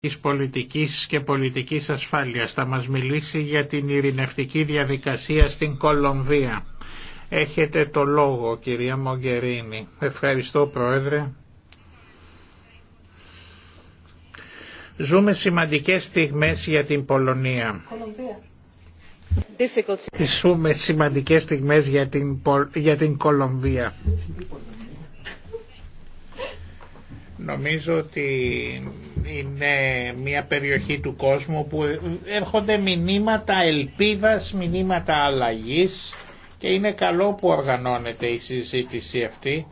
της πολιτικής και πολιτικής ασφάλειας. Θα μας μιλήσει για την ειρηνευτική διαδικασία στην Κολομβία. Έχετε το λόγο κυρία Μογκερίνη. Ευχαριστώ Πρόεδρε. Ζούμε σημαντικές στιγμές για την Πολωνία. Κολομβία. Ζούμε σημαντικές στιγμές για την, για την Κολομβία. Νομίζω ότι είναι μια περιοχή του κόσμου που έρχονται μηνύματα ελπίδας, μηνύματα αλλαγής και είναι καλό που οργανώνεται η συζήτηση αυτή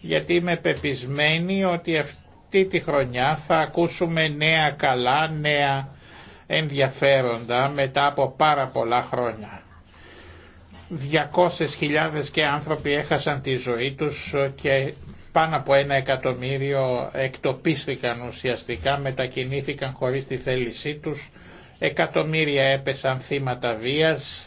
γιατί είμαι πεπισμένη ότι αυτή τη χρονιά θα ακούσουμε νέα καλά, νέα ενδιαφέροντα μετά από πάρα πολλά χρόνια. 200.000 και άνθρωποι έχασαν τη ζωή τους και πάνω από ένα εκατομμύριο εκτοπίστηκαν ουσιαστικά, μετακινήθηκαν χωρίς τη θέλησή τους, εκατομμύρια έπεσαν θύματα βίας,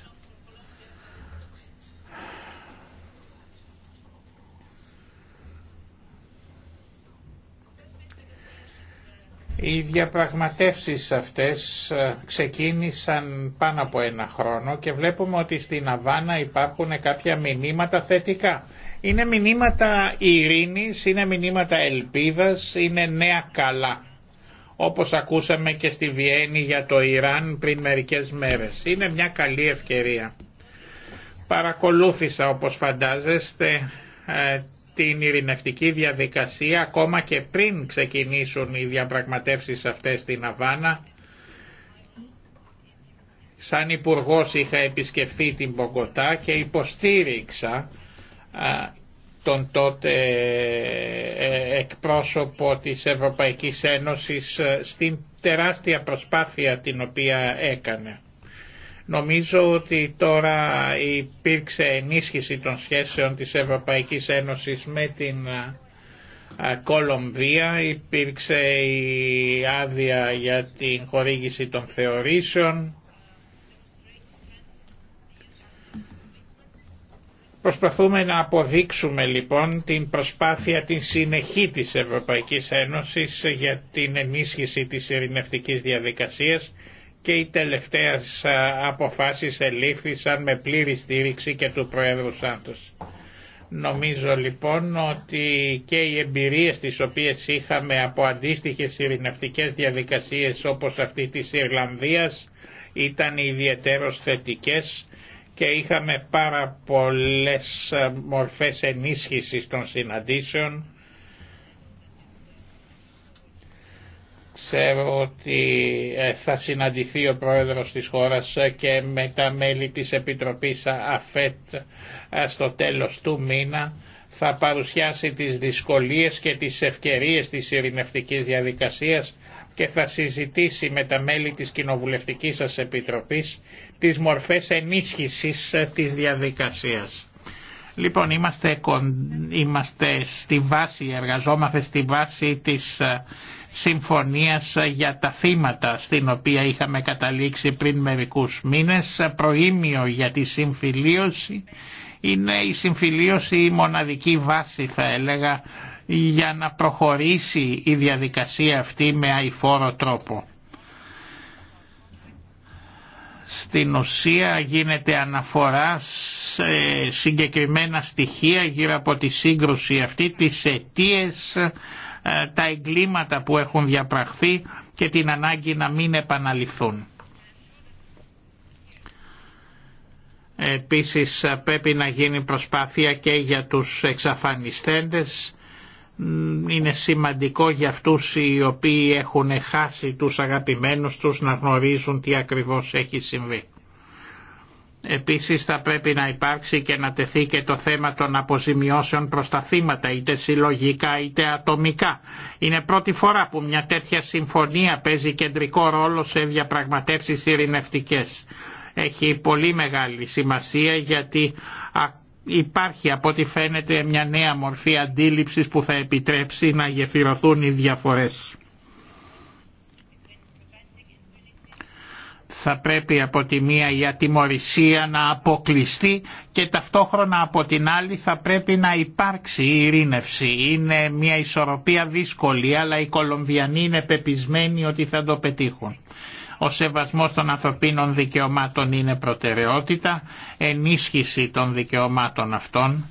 Οι διαπραγματεύσεις αυτές ε, ξεκίνησαν πάνω από ένα χρόνο και βλέπουμε ότι στην Αβάνα υπάρχουν κάποια μηνύματα θετικά. Είναι μηνύματα ειρήνης, είναι μηνύματα ελπίδας, είναι νέα καλά. Όπως ακούσαμε και στη Βιέννη για το Ιράν πριν μερικές μέρες. Είναι μια καλή ευκαιρία. Παρακολούθησα όπως φαντάζεστε ε, την ειρηνευτική διαδικασία ακόμα και πριν ξεκινήσουν οι διαπραγματεύσεις αυτές στην Αβάνα. Σαν υπουργό είχα επισκεφθεί την Πογκοτά και υποστήριξα τον τότε ε, εκπρόσωπο της Ευρωπαϊκής Ένωσης ε, στην τεράστια προσπάθεια την οποία έκανε. Νομίζω ότι τώρα υπήρξε ενίσχυση των σχέσεων της Ευρωπαϊκής Ένωσης με την ε, Κολομβία, υπήρξε η άδεια για την χορήγηση των θεωρήσεων, Προσπαθούμε να αποδείξουμε λοιπόν την προσπάθεια την συνεχή της Ευρωπαϊκής Ένωσης για την ενίσχυση της ειρηνευτικής διαδικασίας και οι τελευταίες αποφάσεις ελήφθησαν με πλήρη στήριξη και του Προέδρου Σάντος. Νομίζω λοιπόν ότι και οι εμπειρίες τις οποίες είχαμε από αντίστοιχες ειρηνευτικές διαδικασίες όπως αυτή της Ιρλανδίας ήταν ιδιαίτερως θετικές και είχαμε πάρα πολλές ε, μορφές ενίσχυσης των συναντήσεων. Ξέρω ότι ε, θα συναντηθεί ο πρόεδρος της χώρας ε, και με τα μέλη της Επιτροπής ΑΦΕΤ στο τέλος του μήνα θα παρουσιάσει τις δυσκολίες και τις ευκαιρίες της ειρηνευτικής διαδικασίας και θα συζητήσει με τα μέλη της Κοινοβουλευτικής σας Επιτροπής τις μορφές ενίσχυσης ε, της διαδικασίας. Λοιπόν, είμαστε, είμαστε στη βάση, εργαζόμαστε στη βάση της ε, συμφωνίας ε, για τα θύματα στην οποία είχαμε καταλήξει πριν μερικούς μήνες. Προήμιο για τη συμφιλίωση είναι η συμφιλίωση η μοναδική βάση θα έλεγα για να προχωρήσει η διαδικασία αυτή με αηφόρο τρόπο. Στην ουσία γίνεται αναφορά σε συγκεκριμένα στοιχεία γύρω από τη σύγκρουση αυτή, τις αιτίες, ε, τα εγκλήματα που έχουν διαπραχθεί και την ανάγκη να μην επαναληφθούν. Επίσης πρέπει να γίνει προσπάθεια και για τους εξαφανιστέντες είναι σημαντικό για αυτούς οι οποίοι έχουν χάσει τους αγαπημένους τους να γνωρίζουν τι ακριβώς έχει συμβεί. Επίσης θα πρέπει να υπάρξει και να τεθεί και το θέμα των αποζημιώσεων προς τα θύματα, είτε συλλογικά είτε ατομικά. Είναι πρώτη φορά που μια τέτοια συμφωνία παίζει κεντρικό ρόλο σε διαπραγματεύσεις ειρηνευτικές. Έχει πολύ μεγάλη σημασία γιατί υπάρχει από ό,τι φαίνεται μια νέα μορφή αντίληψης που θα επιτρέψει να γεφυρωθούν οι διαφορές. θα πρέπει από τη μία η ατιμορρησία να αποκλειστεί και ταυτόχρονα από την άλλη θα πρέπει να υπάρξει η ειρήνευση. Είναι μια ισορροπία δύσκολη αλλά οι Κολομβιανοί είναι πεπισμένοι ότι θα το πετύχουν. Ο σεβασμός των ανθρωπίνων δικαιωμάτων είναι προτεραιότητα, ενίσχυση των δικαιωμάτων αυτών.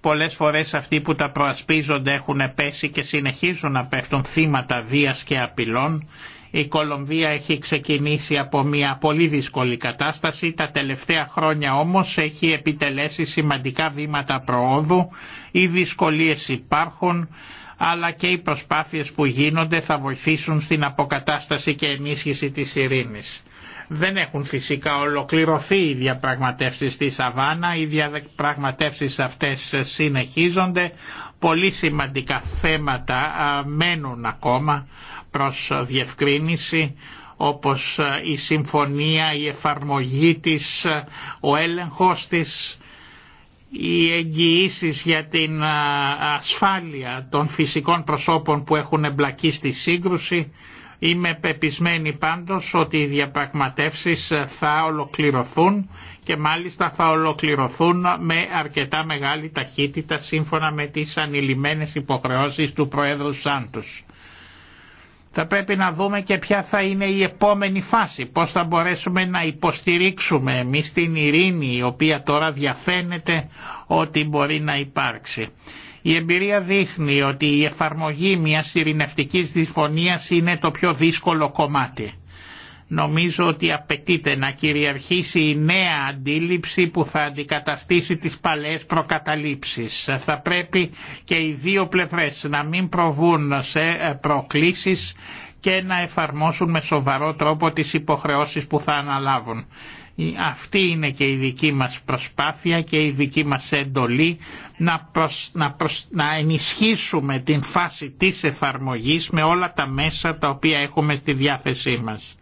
Πολλές φορές αυτοί που τα προασπίζονται έχουν πέσει και συνεχίζουν να πέφτουν θύματα βίας και απειλών η Κολομβία έχει ξεκινήσει από μια πολύ δύσκολη κατάσταση, τα τελευταία χρόνια όμως έχει επιτελέσει σημαντικά βήματα προόδου, οι δυσκολίες υπάρχουν, αλλά και οι προσπάθειες που γίνονται θα βοηθήσουν στην αποκατάσταση και ενίσχυση της ειρήνης. Δεν έχουν φυσικά ολοκληρωθεί οι διαπραγματεύσεις στη Σαββάνα. οι διαπραγματεύσεις αυτές συνεχίζονται, πολύ σημαντικά θέματα μένουν ακόμα προς διευκρίνηση όπως η συμφωνία, η εφαρμογή της, ο έλεγχος της, οι εγγυήσει για την ασφάλεια των φυσικών προσώπων που έχουν εμπλακεί στη σύγκρουση. Είμαι πεπισμένη πάντως ότι οι διαπραγματεύσεις θα ολοκληρωθούν και μάλιστα θα ολοκληρωθούν με αρκετά μεγάλη ταχύτητα σύμφωνα με τις ανηλυμένες υποχρεώσεις του Προέδρου Σάντους θα πρέπει να δούμε και ποια θα είναι η επόμενη φάση, πώς θα μπορέσουμε να υποστηρίξουμε εμείς την ειρήνη η οποία τώρα διαφαίνεται ότι μπορεί να υπάρξει. Η εμπειρία δείχνει ότι η εφαρμογή μιας ειρηνευτικής δυσφωνίας είναι το πιο δύσκολο κομμάτι. Νομίζω ότι απαιτείται να κυριαρχήσει η νέα αντίληψη που θα αντικαταστήσει τις παλαιές προκαταλήψεις. Θα πρέπει και οι δύο πλευρές να μην προβούν σε ε, προκλήσεις και να εφαρμόσουν με σοβαρό τρόπο τις υποχρεώσεις που θα αναλάβουν. Αυτή είναι και η δική μας προσπάθεια και η δική μας εντολή να, να, ενισχύσουμε την φάση της εφαρμογής με όλα τα μέσα τα οποία έχουμε στη διάθεσή μας.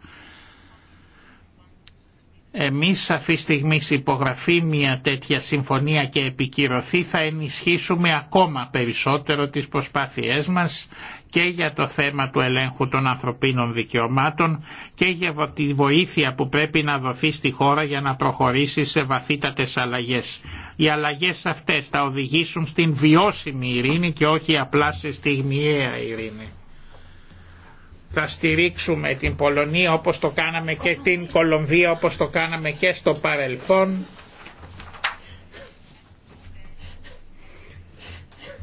Εμείς αυτή τη στιγμή υπογραφεί μια τέτοια συμφωνία και επικυρωθεί θα ενισχύσουμε ακόμα περισσότερο τις προσπάθειές μας και για το θέμα του ελέγχου των ανθρωπίνων δικαιωμάτων και για τη βοήθεια που πρέπει να δοθεί στη χώρα για να προχωρήσει σε βαθύτατες αλλαγές. Οι αλλαγές αυτές θα οδηγήσουν στην βιώσιμη ειρήνη και όχι απλά σε στιγμιαία ειρήνη θα στηρίξουμε την Πολωνία όπως το κάναμε και την Κολομβία όπως το κάναμε και στο παρελθόν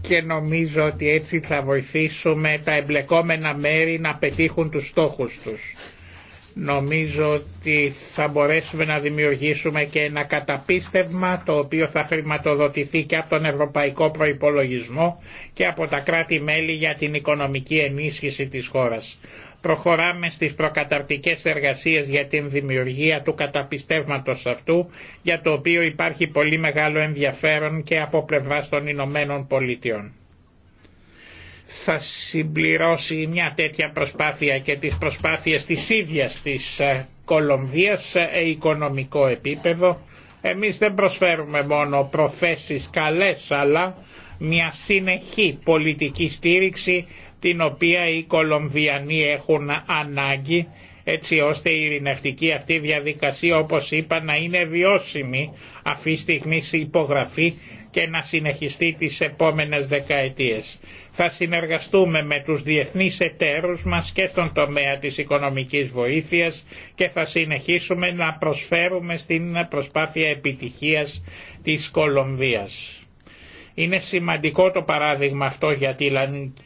και νομίζω ότι έτσι θα βοηθήσουμε τα εμπλεκόμενα μέρη να πετύχουν τους στόχους τους. Νομίζω ότι θα μπορέσουμε να δημιουργήσουμε και ένα καταπίστευμα το οποίο θα χρηματοδοτηθεί και από τον Ευρωπαϊκό Προϋπολογισμό και από τα κράτη-μέλη για την οικονομική ενίσχυση της χώρας. Προχωράμε στις προκαταρτικές εργασίες για την δημιουργία του καταπιστεύματος αυτού, για το οποίο υπάρχει πολύ μεγάλο ενδιαφέρον και από πλευρά των Ηνωμένων Πολιτειών. Θα συμπληρώσει μια τέτοια προσπάθεια και τις προσπάθειες της ίδιας της ε, Κολομβίας σε οικονομικό επίπεδο. Εμείς δεν προσφέρουμε μόνο προθέσεις καλές, αλλά μια συνεχή πολιτική στήριξη την οποία οι Κολομβιανοί έχουν ανάγκη έτσι ώστε η ειρηνευτική αυτή διαδικασία όπως είπα να είναι βιώσιμη αυτή στιγμή υπογραφή και να συνεχιστεί τις επόμενες δεκαετίες. Θα συνεργαστούμε με τους διεθνείς εταίρους μας και στον τομέα της οικονομικής βοήθειας και θα συνεχίσουμε να προσφέρουμε στην προσπάθεια επιτυχίας της Κολομβίας. Είναι σημαντικό το παράδειγμα αυτό γιατί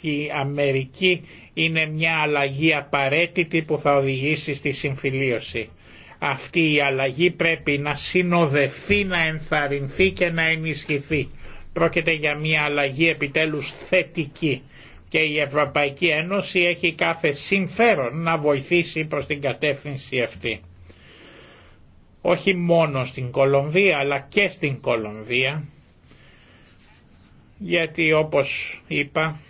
η Αμερική είναι μια αλλαγή απαραίτητη που θα οδηγήσει στη συμφιλίωση. Αυτή η αλλαγή πρέπει να συνοδευτεί, να ενθαρρυνθεί και να ενισχυθεί. Πρόκειται για μια αλλαγή επιτέλους θετική και η Ευρωπαϊκή Ένωση έχει κάθε συμφέρον να βοηθήσει προς την κατεύθυνση αυτή. Όχι μόνο στην Κολομβία αλλά και στην Κολομβία γιατί όπως είπα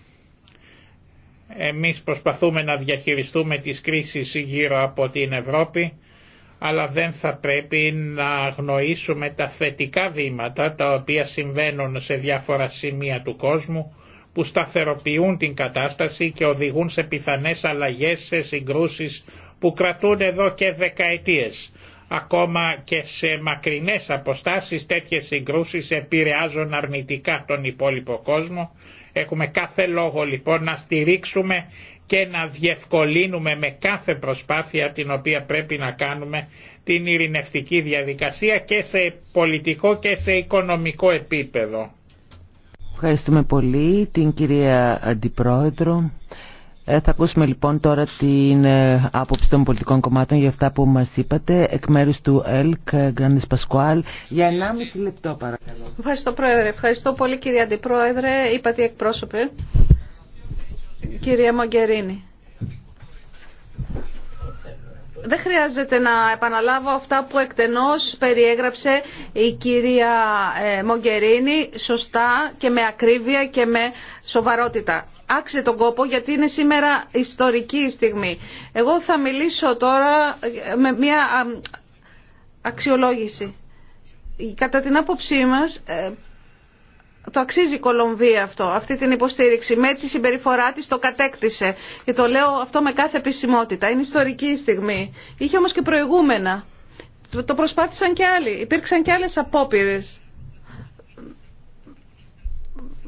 εμείς προσπαθούμε να διαχειριστούμε τις κρίσεις γύρω από την Ευρώπη αλλά δεν θα πρέπει να αγνοήσουμε τα θετικά βήματα τα οποία συμβαίνουν σε διάφορα σημεία του κόσμου που σταθεροποιούν την κατάσταση και οδηγούν σε πιθανές αλλαγές σε συγκρούσεις που κρατούν εδώ και δεκαετίες. Ακόμα και σε μακρινές αποστάσεις τέτοιες συγκρούσεις επηρεάζουν αρνητικά τον υπόλοιπο κόσμο. Έχουμε κάθε λόγο λοιπόν να στηρίξουμε και να διευκολύνουμε με κάθε προσπάθεια την οποία πρέπει να κάνουμε την ειρηνευτική διαδικασία και σε πολιτικό και σε οικονομικό επίπεδο. Ευχαριστούμε πολύ την κυρία Αντιπρόεδρο. Ε, θα ακούσουμε λοιπόν τώρα την ε, άποψη των πολιτικών κομμάτων για αυτά που μας είπατε εκ μέρους του ΕΛΚ, ε, Γκράντε Πασκουάλ, για 1,5 λεπτό παρακαλώ. Ευχαριστώ Πρόεδρε. Ευχαριστώ πολύ κύριε Αντιπρόεδρε, είπατε εκπρόσωπε, κυρία Μογκερίνη. Δεν χρειάζεται να επαναλάβω αυτά που εκτενώς περιέγραψε η κυρία Μογκερίνη σωστά και με ακρίβεια και με σοβαρότητα. Άξε τον κόπο γιατί είναι σήμερα ιστορική στιγμή. Εγώ θα μιλήσω τώρα με μια αξιολόγηση. Κατά την άποψή μας ε, το αξίζει η Κολομβία αυτό, αυτή την υποστήριξη. Με τη συμπεριφορά της το κατέκτησε. Και το λέω αυτό με κάθε επισημότητα. Είναι ιστορική στιγμή. Είχε όμως και προηγούμενα. Το προσπάθησαν και άλλοι. Υπήρξαν και άλλες απόπειρες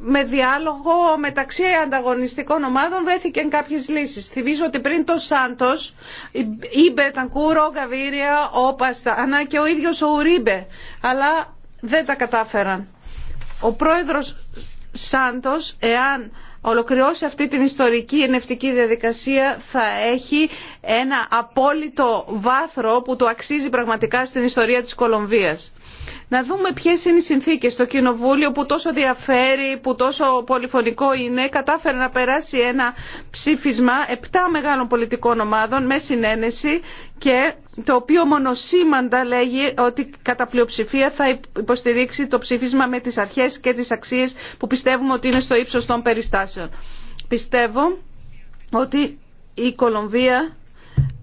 με διάλογο μεταξύ ανταγωνιστικών ομάδων βρέθηκαν κάποιες λύσεις. Θυμίζω ότι πριν το Σάντος, η Μπερτανκούρο, Γκαβίρια, Όπαστα, ανά και ο ίδιος ο Ουρίμπε, αλλά δεν τα κατάφεραν. Ο πρόεδρος Σάντος, εάν ολοκληρώσει αυτή την ιστορική ενευτική διαδικασία θα έχει ένα απόλυτο βάθρο που του αξίζει πραγματικά στην ιστορία της Κολομβίας να δούμε ποιε είναι οι συνθήκες Το Κοινοβούλιο που τόσο διαφέρει, που τόσο πολυφωνικό είναι, κατάφερε να περάσει ένα ψήφισμα επτά μεγάλων πολιτικών ομάδων με συνένεση και το οποίο μονοσήμαντα λέγει ότι κατά πλειοψηφία θα υποστηρίξει το ψήφισμα με τις αρχές και τις αξίες που πιστεύουμε ότι είναι στο ύψος των περιστάσεων. Πιστεύω ότι η Κολομβία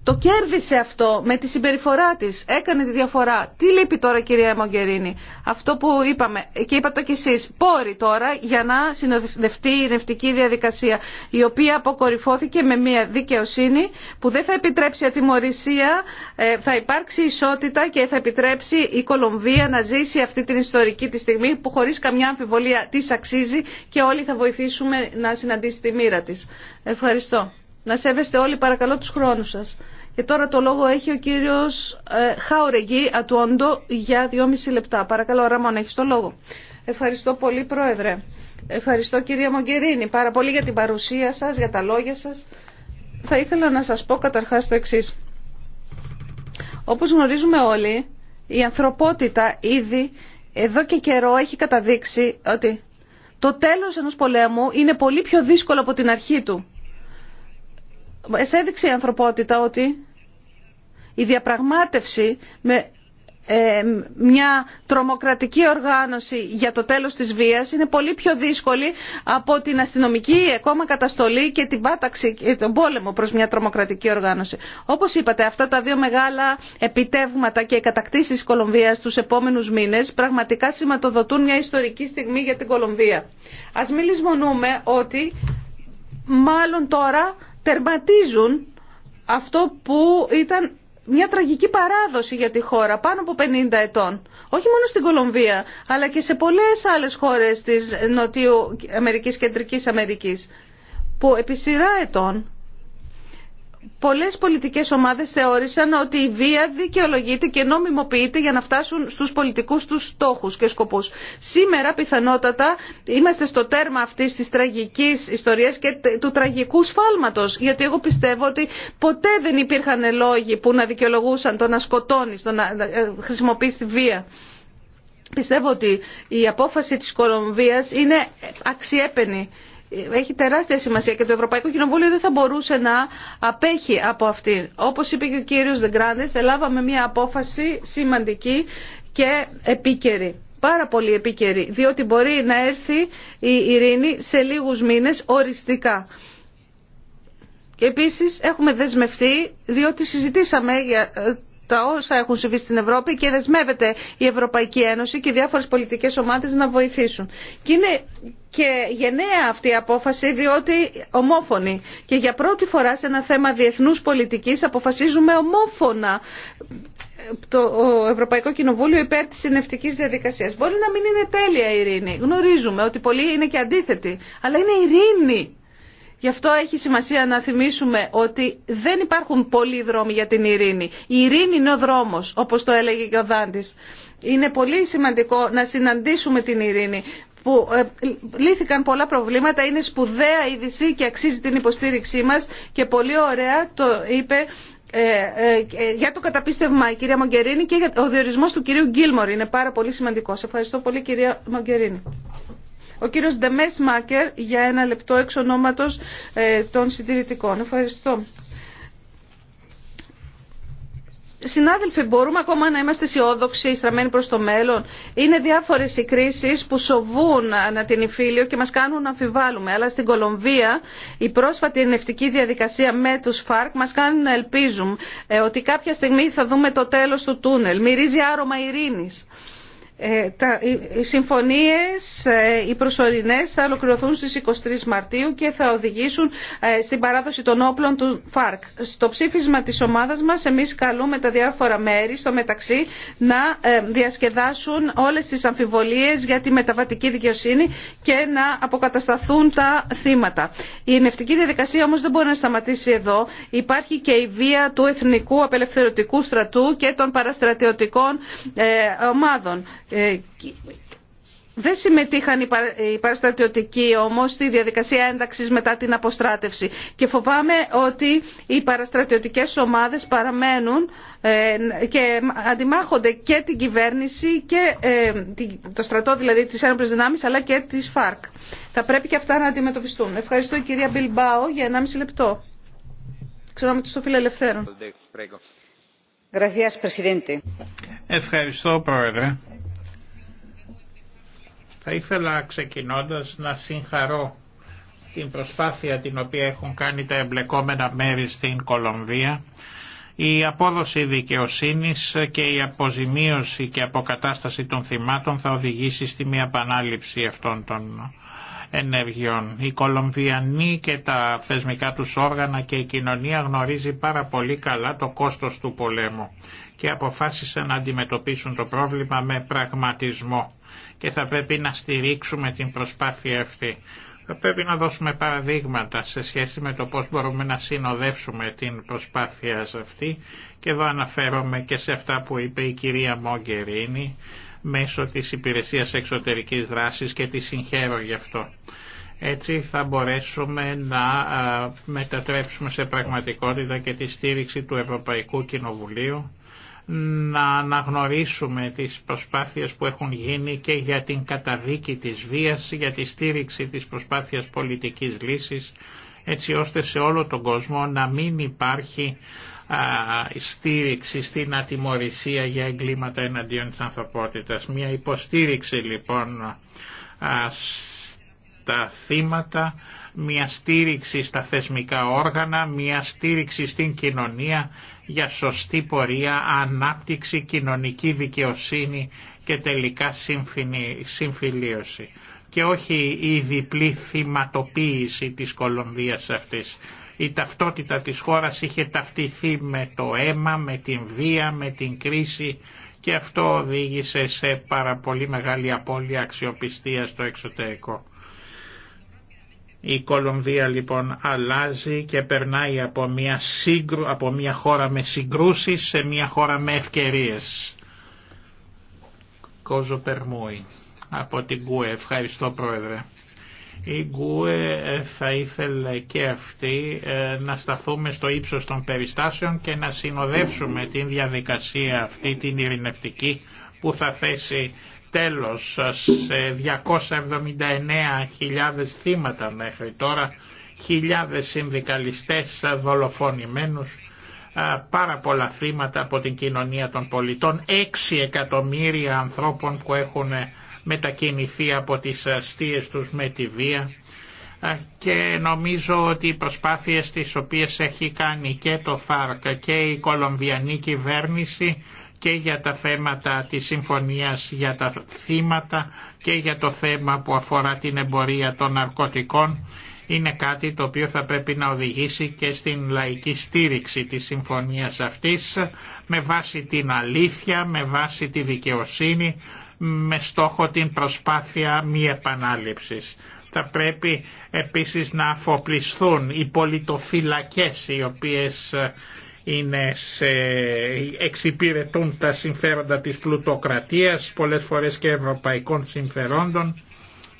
το κέρδισε αυτό με τη συμπεριφορά τη Έκανε τη διαφορά. Τι λείπει τώρα κυρία Μογκερίνη. Αυτό που είπαμε και είπατε κι εσείς. Πόροι τώρα για να συνοδευτεί η νευτική διαδικασία η οποία αποκορυφώθηκε με μια δικαιοσύνη που δεν θα επιτρέψει ατιμορρησία, ε, θα υπάρξει ισότητα και θα επιτρέψει η Κολομβία να ζήσει αυτή την ιστορική τη στιγμή που χωρί καμιά αμφιβολία τη αξίζει και όλοι θα βοηθήσουμε να συναντήσει τη μοίρα τη. Ευχαριστώ. Να σέβεστε όλοι παρακαλώ τους χρόνους σας. Και τώρα το λόγο έχει ο κύριος ε, Χάουρεγγι Ατουόντο για δυόμιση λεπτά. Παρακαλώ Ραμόν, έχεις το λόγο. Ευχαριστώ πολύ Πρόεδρε. Ευχαριστώ κυρία Μογκερίνη πάρα πολύ για την παρουσία σας, για τα λόγια σας. Θα ήθελα να σας πω καταρχάς το εξή. Όπως γνωρίζουμε όλοι, η ανθρωπότητα ήδη εδώ και καιρό έχει καταδείξει ότι το τέλος ενός πολέμου είναι πολύ πιο δύσκολο από την αρχή του. Εσέδειξε η ανθρωπότητα ότι η διαπραγμάτευση με ε, μια τρομοκρατική οργάνωση για το τέλος της βίας είναι πολύ πιο δύσκολη από την αστυνομική ακόμα καταστολή και την πάταξη και τον πόλεμο προς μια τρομοκρατική οργάνωση. Όπως είπατε αυτά τα δύο μεγάλα επιτεύγματα και οι κατακτήσεις της Κολομβίας τους επόμενους μήνες πραγματικά σηματοδοτούν μια ιστορική στιγμή για την Κολομβία. Ας μην ότι μάλλον τώρα τερματίζουν αυτό που ήταν μια τραγική παράδοση για τη χώρα, πάνω από 50 ετών. Όχι μόνο στην Κολομβία, αλλά και σε πολλές άλλες χώρες της Νοτιού Αμερικής, Κεντρικής Αμερικής, που επί σειρά ετών πολλές πολιτικές ομάδες θεώρησαν ότι η βία δικαιολογείται και νόμιμοποιείται για να φτάσουν στους πολιτικούς τους στόχους και σκοπούς. Σήμερα πιθανότατα είμαστε στο τέρμα αυτής της τραγικής ιστορίας και του τραγικού σφάλματος. Γιατί εγώ πιστεύω ότι ποτέ δεν υπήρχαν λόγοι που να δικαιολογούσαν το να σκοτώνεις, το να ε, ε, χρησιμοποιείς τη βία. Πιστεύω ότι η απόφαση της Κολομβίας είναι αξιέπαινη έχει τεράστια σημασία και το Ευρωπαϊκό Κοινοβούλιο δεν θα μπορούσε να απέχει από αυτή. Όπως είπε και ο κύριος Δεγκράντες, ελάβαμε μια απόφαση σημαντική και επίκαιρη. Πάρα πολύ επίκαιρη, διότι μπορεί να έρθει η ειρήνη σε λίγους μήνες οριστικά. Και επίσης έχουμε δεσμευτεί, διότι συζητήσαμε για ε, τα όσα έχουν συμβεί στην Ευρώπη και δεσμεύεται η Ευρωπαϊκή Ένωση και οι διάφορες πολιτικές ομάδες να βοηθήσουν. Και είναι και γενναία αυτή η απόφαση διότι ομόφωνη και για πρώτη φορά σε ένα θέμα διεθνούς πολιτικής αποφασίζουμε ομόφωνα το Ευρωπαϊκό Κοινοβούλιο υπέρ της συνευτική διαδικασίας. Μπορεί να μην είναι τέλεια η ειρήνη. Γνωρίζουμε ότι πολλοί είναι και αντίθετοι. Αλλά είναι ειρήνη. Γι' αυτό έχει σημασία να θυμίσουμε ότι δεν υπάρχουν πολλοί δρόμοι για την ειρήνη. Η ειρήνη είναι ο δρόμος, όπως το έλεγε και ο Δάντης. Είναι πολύ σημαντικό να συναντήσουμε την ειρήνη που ε, λύθηκαν πολλά προβλήματα. Είναι σπουδαία είδηση και αξίζει την υποστήριξή μας και πολύ ωραία το είπε ε, ε, για το καταπίστευμα η κυρία Μογκερίνη και για ο διορισμός του κυρίου Γκίλμορ είναι πάρα πολύ σημαντικό. σημαντικός. Ευχαριστώ πολύ κυρία Μογκερίνη. Ο κύριος Ντεμές Μάκερ για ένα λεπτό εξ ονόματος ε, των συντηρητικών. Ευχαριστώ. Συνάδελφοι, μπορούμε ακόμα να είμαστε αισιόδοξοι, στραμμένοι προς το μέλλον. Είναι διάφορες οι κρίσεις που σοβούν ανά την Ιφίλιο και μας κάνουν να αμφιβάλλουμε. Αλλά στην Κολομβία η πρόσφατη ενευτική διαδικασία με τους ΦΑΡΚ μας κάνει να ελπίζουμε ε, ότι κάποια στιγμή θα δούμε το τέλος του τούνελ. Μυρίζει άρωμα ειρήνης. Ε, τα, οι συμφωνίες, ε, οι προσωρινές θα ολοκληρωθούν στις 23 Μαρτίου και θα οδηγήσουν ε, στην παράδοση των όπλων του ΦΑΡΚ. Στο ψήφισμα της ομάδας μας εμείς καλούμε τα διάφορα μέρη στο μεταξύ να διασκεδάσουν όλες τις αμφιβολίες για τη μεταβατική δικαιοσύνη και να αποκατασταθούν τα θύματα. Η ενευτική διαδικασία όμως δεν μπορεί να σταματήσει εδώ. Υπάρχει και η βία του Εθνικού Απελευθερωτικού Στρατού και των παραστρατιωτικών ομάδων ε, δεν συμμετείχαν οι παραστατιωτικοί όμως στη διαδικασία ένταξης μετά την αποστράτευση και φοβάμαι ότι οι παραστρατιωτικές ομάδες παραμένουν ε, και αντιμάχονται και την κυβέρνηση και ε, το στρατό δηλαδή της Ένωπης Δυνάμης αλλά και της ΦΑΡΚ. Θα πρέπει και αυτά να αντιμετωπιστούν. Ευχαριστώ κυρία Μπιλμπάο για 1,5 λεπτό. Ξέρω με τους Ευχαριστώ πρόεδρε. Θα ήθελα ξεκινώντας να συγχαρώ την προσπάθεια την οποία έχουν κάνει τα εμπλεκόμενα μέρη στην Κολομβία η απόδοση δικαιοσύνης και η αποζημίωση και αποκατάσταση των θυμάτων θα οδηγήσει στη μια επανάληψη αυτών των ενεργειών. Οι Κολομβιανοί και τα θεσμικά τους όργανα και η κοινωνία γνωρίζει πάρα πολύ καλά το κόστος του πολέμου και αποφάσισαν να αντιμετωπίσουν το πρόβλημα με πραγματισμό και θα πρέπει να στηρίξουμε την προσπάθεια αυτή. Θα πρέπει να δώσουμε παραδείγματα σε σχέση με το πώς μπορούμε να συνοδεύσουμε την προσπάθεια αυτή και εδώ αναφέρομαι και σε αυτά που είπε η κυρία Μόγκερίνη μέσω της Υπηρεσίας Εξωτερικής Δράσης και τη συγχαίρω γι' αυτό. Έτσι θα μπορέσουμε να ε, μετατρέψουμε σε πραγματικότητα και τη στήριξη του Ευρωπαϊκού Κοινοβουλίου να αναγνωρίσουμε τις προσπάθειες που έχουν γίνει και για την καταδίκη της βίας, για τη στήριξη της προσπάθειας πολιτικής λύσης, έτσι ώστε σε όλο τον κόσμο να μην υπάρχει α, στήριξη στην ατιμορρησία για εγκλήματα εναντίον της ανθρωπότητας. Μια υποστήριξη λοιπόν στα θύματα, μια στήριξη στα θεσμικά όργανα, μια στήριξη στην κοινωνία, για σωστή πορεία, ανάπτυξη, κοινωνική δικαιοσύνη και τελικά συμφιλίωση και όχι η διπλή θυματοποίηση της Κολομβίας αυτής. Η ταυτότητα της χώρας είχε ταυτιθεί με το αίμα, με την βία, με την κρίση και αυτό οδήγησε σε πάρα πολύ μεγάλη απώλεια αξιοπιστίας στο εξωτερικό. Η Κολομβία λοιπόν αλλάζει και περνάει από μια, σύγκρου, από μια χώρα με συγκρούσεις σε μια χώρα με ευκαιρίες. Κόζο περμούι από την ΚΟΕ. Ευχαριστώ Πρόεδρε. Η ΚΟΕ ε, θα ήθελε και αυτή ε, να σταθούμε στο ύψος των περιστάσεων και να συνοδεύσουμε την διαδικασία αυτή την ειρηνευτική που θα θέσει τέλος σε 279.000 θύματα μέχρι τώρα, χιλιάδες συνδικαλιστές δολοφονημένους, πάρα πολλά θύματα από την κοινωνία των πολιτών, 6 εκατομμύρια ανθρώπων που έχουν ε, μετακινηθεί από τις αστείες τους με τη βία και νομίζω ότι οι προσπάθειες τις οποίες έχει κάνει και το ΦΑΡΚ και η Κολομβιανή κυβέρνηση και για τα θέματα της συμφωνίας για τα θύματα και για το θέμα που αφορά την εμπορία των ναρκωτικών είναι κάτι το οποίο θα πρέπει να οδηγήσει και στην λαϊκή στήριξη της συμφωνίας αυτής με βάση την αλήθεια, με βάση τη δικαιοσύνη, με στόχο την προσπάθεια μη επανάληψης. Θα πρέπει επίσης να αφοπλισθούν οι πολιτοφυλακές οι οποίες είναι σε, εξυπηρετούν τα συμφέροντα της πλουτοκρατίας, πολλές φορές και ευρωπαϊκών συμφερόντων,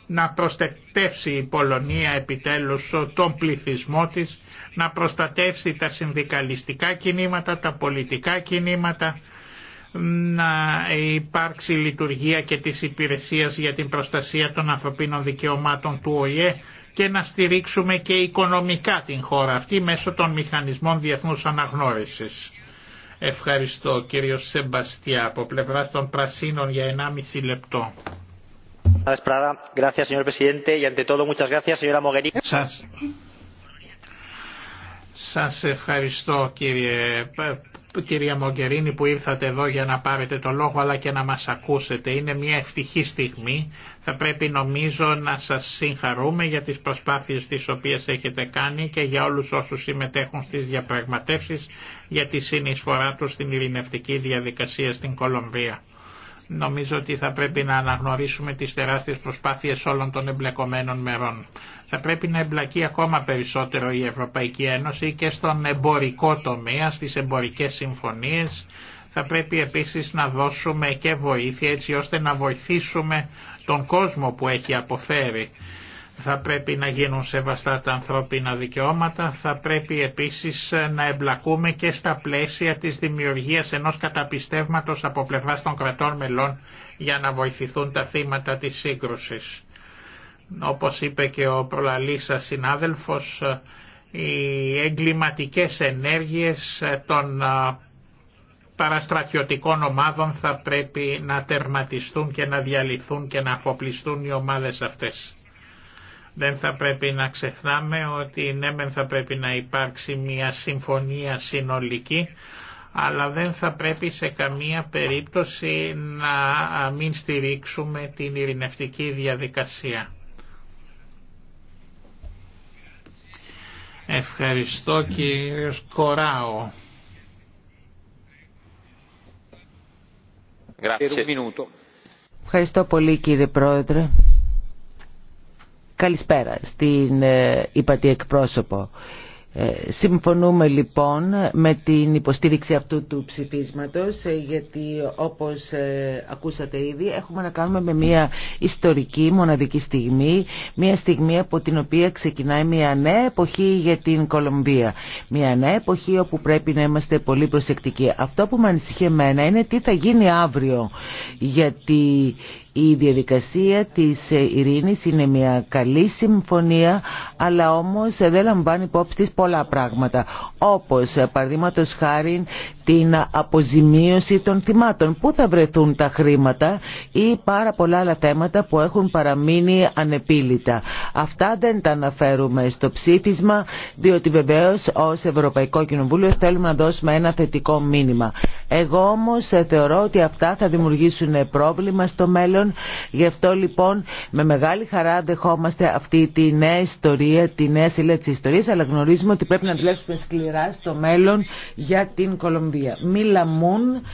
να προστατεύσει η Πολωνία επιτέλους τον πληθυσμό της, να προστατεύσει τα συνδικαλιστικά κινήματα, τα πολιτικά κινήματα, να υπάρξει λειτουργία και της υπηρεσίας για την προστασία των ανθρωπίνων δικαιωμάτων του ΟΗΕ και να στηρίξουμε και οικονομικά την χώρα αυτή μέσω των μηχανισμών διεθνούς αναγνώρισης. Ευχαριστώ κύριο Σεμπαστιά από πλευρά των Πρασίνων για 1,5 λεπτό. Σας... ευχαριστώ κύριε κυρία Μογκερίνη που ήρθατε εδώ για να πάρετε το λόγο αλλά και να μας ακούσετε. Είναι μια ευτυχή στιγμή. Θα πρέπει νομίζω να σας συγχαρούμε για τις προσπάθειες τις οποίες έχετε κάνει και για όλους όσους συμμετέχουν στις διαπραγματεύσεις για τη συνεισφορά τους στην ειρηνευτική διαδικασία στην Κολομβία. Νομίζω ότι θα πρέπει να αναγνωρίσουμε τις τεράστιες προσπάθειες όλων των εμπλεκομένων μερών θα πρέπει να εμπλακεί ακόμα περισσότερο η Ευρωπαϊκή Ένωση και στον εμπορικό τομέα, στις εμπορικές συμφωνίες. Θα πρέπει επίσης να δώσουμε και βοήθεια έτσι ώστε να βοηθήσουμε τον κόσμο που έχει αποφέρει. Θα πρέπει να γίνουν σεβαστά τα ανθρώπινα δικαιώματα, θα πρέπει επίσης να εμπλακούμε και στα πλαίσια της δημιουργίας ενός καταπιστεύματος από πλευράς των κρατών μελών για να βοηθηθούν τα θύματα της σύγκρουσης. Όπως είπε και ο προλαλής σας συνάδελφος, ε, οι εγκληματικές ενέργειες ε, των ε, παραστρατιωτικών ομάδων θα πρέπει να τερματιστούν και να διαλυθούν και να αφοπλιστούν οι ομάδες αυτές. Δεν θα πρέπει να ξεχνάμε ότι ναι μεν θα πρέπει να υπάρξει μια συμφωνία συνολική αλλά δεν θα πρέπει σε καμία περίπτωση να μην στηρίξουμε την ειρηνευτική διαδικασία. Ευχαριστώ κύριο Κοράο. Ευχαριστώ πολύ κύριε Πρόεδρε. Καλησπέρα στην ε, υπατή εκπρόσωπο. Ε, συμφωνούμε λοιπόν με την υποστήριξη αυτού του ψηφίσματος ε, γιατί όπως ε, ακούσατε ήδη έχουμε να κάνουμε με μια ιστορική μοναδική στιγμή μια στιγμή από την οποία ξεκινάει μια νέα εποχή για την Κολομβία μια νέα εποχή όπου πρέπει να είμαστε πολύ προσεκτικοί. Αυτό που με ανησυχεί εμένα είναι τι θα γίνει αύριο γιατί η διαδικασία της ε, ειρήνης είναι μια καλή συμφωνία αλλά όμως ε, δεν λαμβάνει υπόψη πολλά πράγματα όπως ε, παραδείγματο χάρη την αποζημίωση των θυμάτων πού θα βρεθούν τα χρήματα ή πάρα πολλά άλλα θέματα που έχουν παραμείνει ανεπίλητα. Αυτά δεν τα αναφέρουμε στο ψήφισμα διότι βεβαίως ως Ευρωπαϊκό Κοινοβούλιο θέλουμε να δώσουμε ένα θετικό μήνυμα. Εγώ όμως θεωρώ ότι αυτά θα δημιουργήσουν πρόβλημα στο μέλλον Γι' αυτό λοιπόν με μεγάλη χαρά δεχόμαστε αυτή τη νέα ιστορία, τη νέα τη ιστορία, αλλά γνωρίζουμε ότι πρέπει να δουλέψουμε σκληρά στο μέλλον για την Κολομβία. Μίλα Μουν,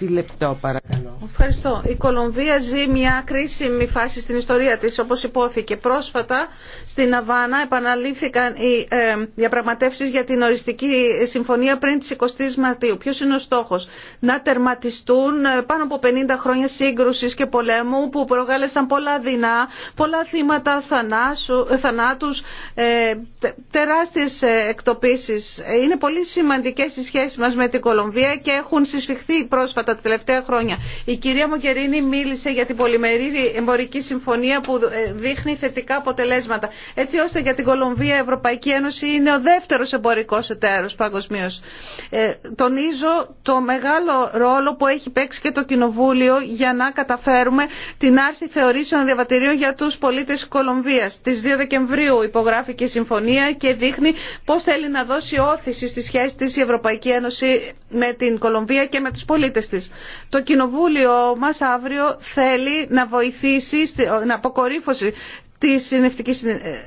1,5 λεπτό παρακαλώ. Ευχαριστώ. Η Κολομβία ζει μια κρίσιμη φάση στην ιστορία της, όπως υπόθηκε πρόσφατα. Στην Αβάνα επαναλήφθηκαν οι ε, διαπραγματεύσεις για την οριστική συμφωνία πριν τις 20 Μαρτίου. Ποιος είναι ο στόχος? Να τερματιστούν ε, πάνω από 50 χρόνια σύγκρουσης και πολέμου που προκάλεσαν πολλά δεινά, πολλά θύματα θανάσου, θανάτους, ε, τεράστιες ε, εκτοπίσεις. Είναι πολύ σημαντικές οι σχέσεις μας με την Κολομβία και έχουν συσφιχθεί πρόσφατα τα τελευταία χρόνια. Η κυρία Μογκερίνη μίλησε για την πολυμερή εμπορική συμφωνία που ε, δείχνει θετικά αποτελέσματα. Έτσι ώστε για την Κολομβία η Ευρωπαϊκή Ένωση είναι ο δεύτερος εμπορικός εταίρος παγκοσμίω. τονίζω το μεγάλο ρόλο που έχει παίξει και το Κοινοβούλιο για να καταφέρει αναφέρουμε την άρση θεωρήσεων διαβατηρίων για τους πολίτες της Κολομβίας. Τις 2 Δεκεμβρίου υπογράφηκε η συμφωνία και δείχνει πώς θέλει να δώσει όθηση στη σχέση της η Ευρωπαϊκή Ένωση με την Κολομβία και με τους πολίτες της. Το Κοινοβούλιο μας αύριο θέλει να βοηθήσει στην αποκορύφωση τη συνευτική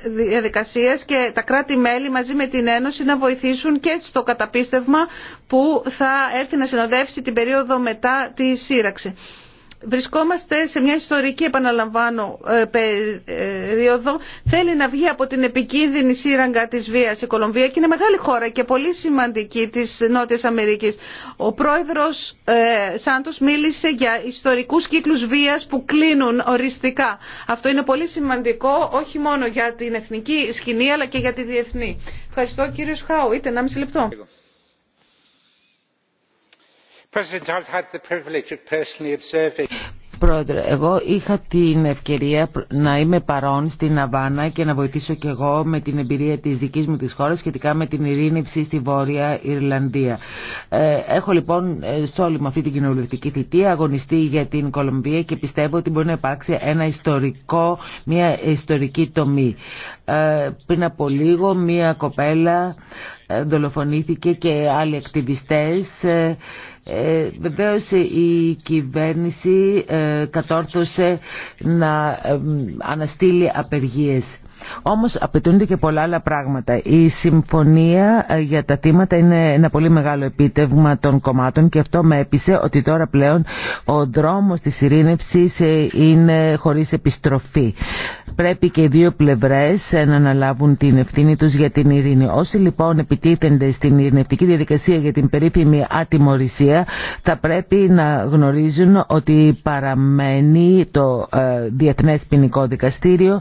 διαδικασία και τα κράτη-μέλη μαζί με την Ένωση να βοηθήσουν και στο καταπίστευμα που θα έρθει να συνοδεύσει την περίοδο μετά τη σύραξη. Βρισκόμαστε σε μια ιστορική, επαναλαμβάνω, ε, ε, περίοδο. Θέλει να βγει από την επικίνδυνη σύραγγα της βίας η Κολομβία και είναι μεγάλη χώρα και πολύ σημαντική της Νότιας Αμερικής. Ο πρόεδρος ε, Σάντος μίλησε για ιστορικούς κύκλους βίας που κλείνουν οριστικά. Αυτό είναι πολύ σημαντικό όχι μόνο για την εθνική σκηνή αλλά και για τη διεθνή. Ευχαριστώ κύριο Χάου. Είτε 1,5 λεπτό. Πρόεδρε, εγώ είχα την ευκαιρία να είμαι παρόν στην Αβάνα και να βοηθήσω και εγώ με την εμπειρία της δικής μου της χώρας σχετικά με την ειρήνευση στη Βόρεια Ιρλανδία. Ε, έχω λοιπόν σε όλη μου αυτή την κοινοβουλευτική θητεία αγωνιστεί για την Κολομβία και πιστεύω ότι μπορεί να υπάρξει ένα ιστορικό, μια ιστορική τομή. Ε, πριν από λίγο μια κοπέλα ε, δολοφονήθηκε και άλλοι ακτιβιστές ε, Βεβαίω η κυβέρνηση ε, κατόρθωσε να ε, αναστείλει απεργίες όμως απαιτούνται και πολλά άλλα πράγματα. Η συμφωνία ε, για τα θύματα είναι ένα πολύ μεγάλο επίτευγμα των κομμάτων και αυτό με έπεισε ότι τώρα πλέον ο δρόμος της ειρήνευσης ε, είναι χωρίς επιστροφή. Πρέπει και οι δύο πλευρές ε, να αναλάβουν την ευθύνη τους για την ειρήνη. Όσοι λοιπόν επιτίθενται στην ειρηνευτική διαδικασία για την περίφημη ατιμορρησία θα πρέπει να γνωρίζουν ότι παραμένει το ε, Διεθνές Ποινικό Δικαστήριο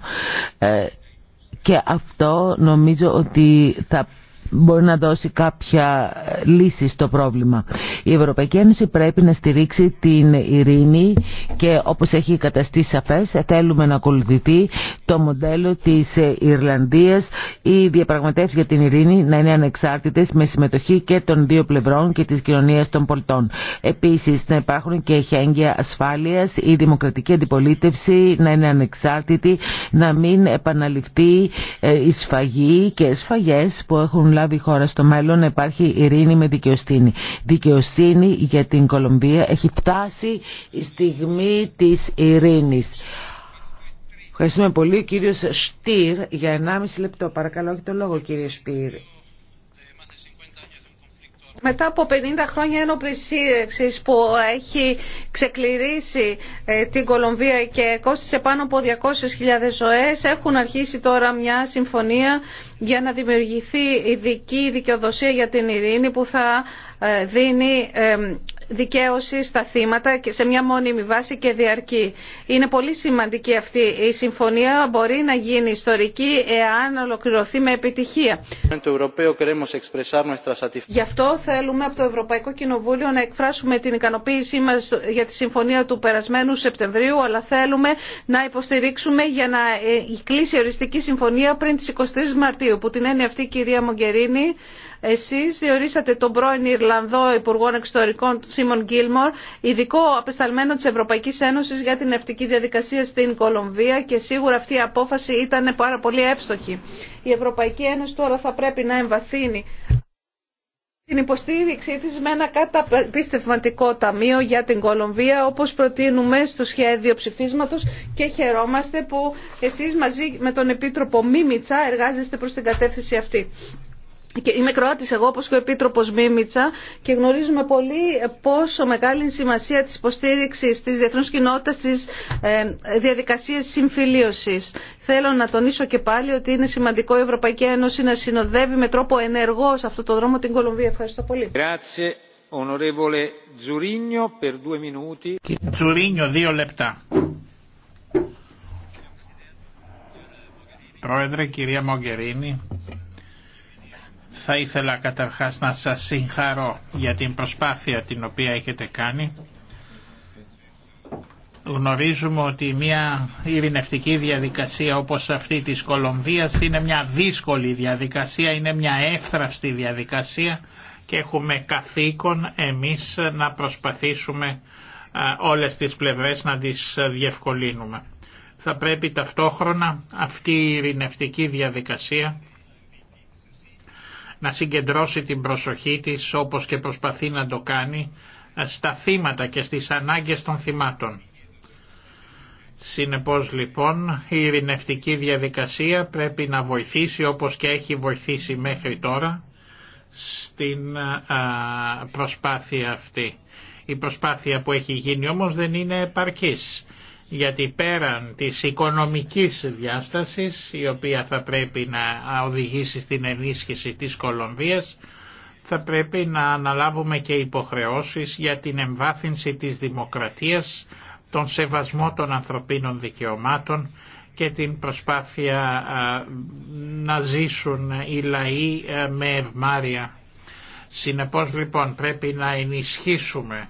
και αυτό νομίζω ότι θα μπορεί να δώσει κάποια ε, λύση στο πρόβλημα. Η Ευρωπαϊκή Ένωση πρέπει να στηρίξει την ειρήνη και όπως έχει καταστήσει σαφές θέλουμε να ακολουθηθεί το μοντέλο της ε, Ιρλανδίας ή διαπραγματεύσει για την ειρήνη να είναι ανεξάρτητες με συμμετοχή και των δύο πλευρών και της κοινωνία των πολιτών. Επίσης να υπάρχουν και χέγγια ασφάλειας, η δημοκρατική αντιπολίτευση να είναι ανεξάρτητη, να μην επαναληφθεί η ε, σφαγή και σφαγές που έχουν λάβει η χώρα στο μέλλον να υπάρχει ειρήνη με δικαιοσύνη. Δικαιοσύνη για την Κολομβία έχει φτάσει η στιγμή της ειρήνης. Ευχαριστούμε πολύ. κύριος Στυρ για 1,5 λεπτό. Παρακαλώ, έχει το λόγο κύριε Στυρ μετά από 50 χρόνια ένοπλης σύρεξη που έχει ξεκληρίσει ε, την Κολομβία και κόστισε πάνω από 200.000 ζωές έχουν αρχίσει τώρα μια συμφωνία για να δημιουργηθεί ειδική δικαιοδοσία για την ειρήνη που θα ε, δίνει ε, δικαίωση στα θύματα σε μια μόνιμη βάση και διαρκή. Είναι πολύ σημαντική αυτή η συμφωνία, μπορεί να γίνει ιστορική εάν ολοκληρωθεί με επιτυχία. Γι' αυτό θέλουμε από το Ευρωπαϊκό Κοινοβούλιο να εκφράσουμε την ικανοποίησή μα για τη συμφωνία του περασμένου Σεπτεμβρίου, αλλά θέλουμε να υποστηρίξουμε για να ε, κλείσει η οριστική συμφωνία πριν τι 23 Μαρτίου, που την έννοια αυτή η κυρία Μογκερίνη εσείς διορίσατε τον πρώην Ιρλανδό Υπουργό Εξωτερικών Σίμον Γκίλμορ, ειδικό απεσταλμένο της Ευρωπαϊκής Ένωσης για την ευτική διαδικασία στην Κολομβία και σίγουρα αυτή η απόφαση ήταν πάρα πολύ εύστοχη. Η Ευρωπαϊκή Ένωση τώρα θα πρέπει να εμβαθύνει την υποστήριξή της με ένα καταπιστευματικό ταμείο για την Κολομβία όπως προτείνουμε στο σχέδιο ψηφίσματος και χαιρόμαστε που εσείς μαζί με τον Επίτροπο Μίμητσα εργάζεστε προς την κατεύθυνση αυτή. Και είμαι Κροάτη εγώ όπω και ο επίτροπο Μίμητσα και γνωρίζουμε πολύ πόσο μεγάλη είναι η σημασία τη υποστήριξη τη διεθνού κοινότητας στι ε, διαδικασίε Θέλω να τονίσω και πάλι ότι είναι σημαντικό η Ευρωπαϊκή Ένωση να συνοδεύει με τρόπο ενεργό σε αυτό το δρόμο την Κολομβία. Ευχαριστώ πολύ. Τζουρίνιο, δύο λεπτά. Πρόεδρε, κυρία Μογκερίνη, θα ήθελα καταρχάς να σας συγχαρώ για την προσπάθεια την οποία έχετε κάνει. Γνωρίζουμε ότι μια ειρηνευτική διαδικασία όπως αυτή της Κολομβίας είναι μια δύσκολη διαδικασία, είναι μια εύθραυστη διαδικασία και έχουμε καθήκον εμείς να προσπαθήσουμε όλες τις πλευρές να τις διευκολύνουμε. Θα πρέπει ταυτόχρονα αυτή η ειρηνευτική διαδικασία να συγκεντρώσει την προσοχή της όπως και προσπαθεί να το κάνει ε, στα θύματα και στις ανάγκες των θυμάτων. Συνεπώς λοιπόν η ειρηνευτική διαδικασία πρέπει να βοηθήσει όπως και έχει βοηθήσει μέχρι τώρα στην ε, ε, προσπάθεια αυτή. Η προσπάθεια που έχει γίνει όμως δεν είναι επαρκής γιατί πέραν της οικονομικής διάστασης η οποία θα πρέπει να οδηγήσει στην ενίσχυση της Κολομβίας θα πρέπει να αναλάβουμε και υποχρεώσεις για την εμβάθυνση της δημοκρατίας, τον σεβασμό των ανθρωπίνων δικαιωμάτων και την προσπάθεια να ζήσουν οι λαοί με ευμάρεια. Συνεπώς λοιπόν πρέπει να ενισχύσουμε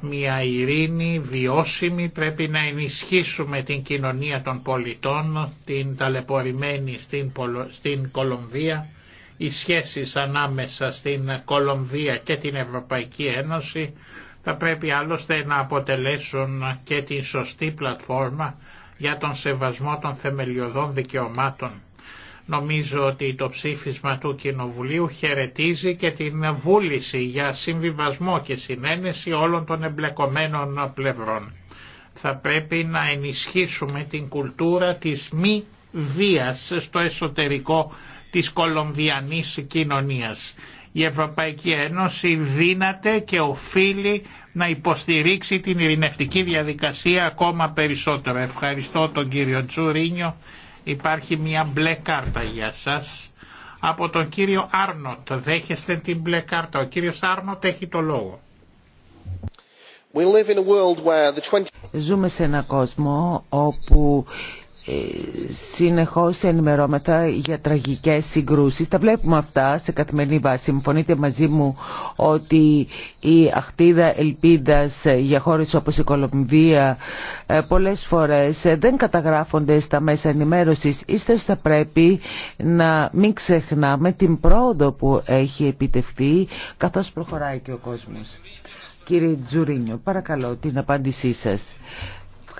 μια ειρήνη βιώσιμη, πρέπει να ενισχύσουμε την κοινωνία των πολιτών, την ταλαιπωρημένη στην, στην Κολομβία, οι σχέσεις ανάμεσα στην Κολομβία και την Ευρωπαϊκή Ένωση θα πρέπει άλλωστε να αποτελέσουν και την σωστή πλατφόρμα για τον σεβασμό των θεμελιωδών δικαιωμάτων. Νομίζω ότι το ψήφισμα του Κοινοβουλίου χαιρετίζει και την βούληση για συμβιβασμό και συνένεση όλων των εμπλεκομένων πλευρών. Θα πρέπει να ενισχύσουμε την κουλτούρα της μη βίας στο εσωτερικό της κολομβιανής κοινωνίας. Η Ευρωπαϊκή Ένωση δύναται και οφείλει να υποστηρίξει την ειρηνευτική διαδικασία ακόμα περισσότερο. Ευχαριστώ τον κύριο Τσουρίνιο. Υπάρχει μια μπλε κάρτα για σας από τον κύριο Άρνοτ. Δέχεστε την μπλε κάρτα. Ο κύριος Άρνοτ έχει το λόγο. Ζούμε σε ένα κόσμο όπου ε, συνεχώς ενημερώματα για τραγικές συγκρούσεις. Τα βλέπουμε αυτά σε καθημερινή βάση. Συμφωνείτε μαζί μου ότι η αχτίδα ελπίδας για χώρες όπως η Κολομβία ε, πολλές φορές ε, δεν καταγράφονται στα μέσα ενημέρωσης. Ίστες θα πρέπει να μην ξεχνάμε την πρόοδο που έχει επιτευχθεί καθώς προχωράει και ο κόσμος. Κύριε Τζουρίνιο, παρακαλώ την απάντησή σας.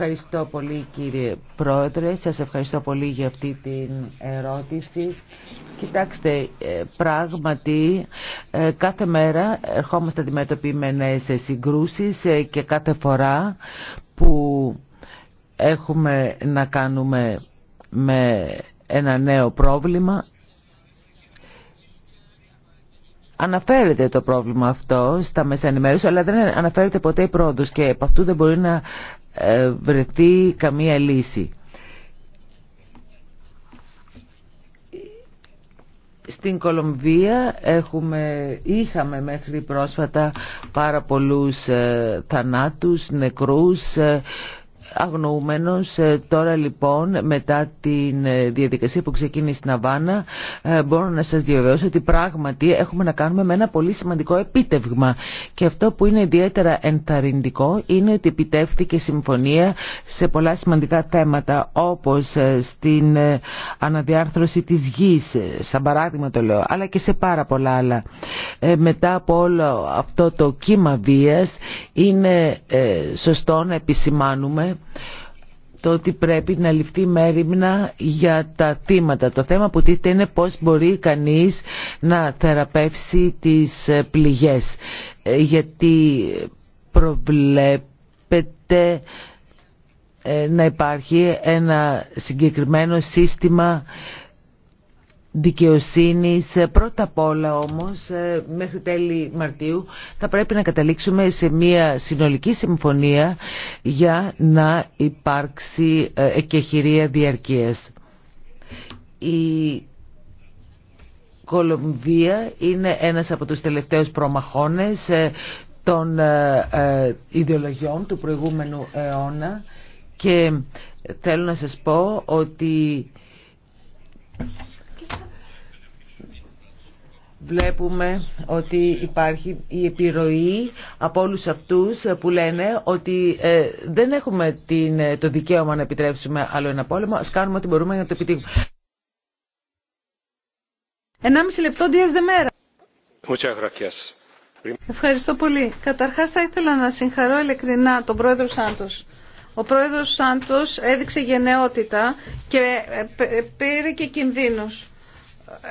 Ευχαριστώ πολύ κύριε Πρόεδρε, σας ευχαριστώ πολύ για αυτή την ερώτηση. Κοιτάξτε, ε, πράγματι ε, κάθε μέρα ερχόμαστε αντιμετωπιμένες σε συγκρούσεις ε, και κάθε φορά που έχουμε να κάνουμε με ένα νέο πρόβλημα Αναφέρεται το πρόβλημα αυτό στα μέσα αλλά δεν αναφέρεται ποτέ η πρόοδο και από αυτού δεν μπορεί να ε, βρεθεί καμία λύση. Στην Κολομβία έχουμε, είχαμε μέχρι πρόσφατα πάρα πολλούς ε, θανάτους, νεκρούς, ε, αγνοούμενος. Ε, τώρα λοιπόν μετά την ε, διαδικασία που ξεκίνησε στην Αβάνα ε, μπορώ να σας διαβεβαιώσω ότι πράγματι έχουμε να κάνουμε με ένα πολύ σημαντικό επίτευγμα και αυτό που είναι ιδιαίτερα ενθαρρυντικό είναι ότι επιτεύχθηκε συμφωνία σε πολλά σημαντικά θέματα όπως στην αναδιάρθρωση της γης, σαν παράδειγμα το λέω, αλλά και σε πάρα πολλά άλλα. Μετά από όλο αυτό το κύμα βίας είναι σωστό να επισημάνουμε το ότι πρέπει να ληφθεί μέρημνα για τα θύματα. Το θέμα που τίθεται είναι πώς μπορεί κανείς να θεραπεύσει τις ε, πληγές. Ε, γιατί προβλέπεται ε, να υπάρχει ένα συγκεκριμένο σύστημα δικαιοσύνης. Ε, πρώτα απ' όλα όμως, ε, μέχρι τέλη Μαρτίου, θα πρέπει να καταλήξουμε σε μια συνολική συμφωνία για να υπάρξει ε, εκεχηρία διαρκείας. Η Κολομβία είναι ένας από τους τελευταίους προμαχώνες των ιδεολογιών του προηγούμενου αιώνα και θέλω να σας πω ότι βλέπουμε ότι υπάρχει η επιρροή από όλους αυτούς που λένε ότι ε, δεν έχουμε την, ε, το δικαίωμα να επιτρέψουμε άλλο ένα πόλεμο, ας κάνουμε ό,τι μπορούμε να το επιτύχουμε. Ενάμιση λεπτό Δίας Δεμέρα. Ευχαριστώ πολύ. Καταρχάς θα ήθελα να συγχαρώ ειλικρινά τον πρόεδρο Σάντος. Ο πρόεδρος Σάντος έδειξε γενναιότητα και ε, πήρε και κινδύνους.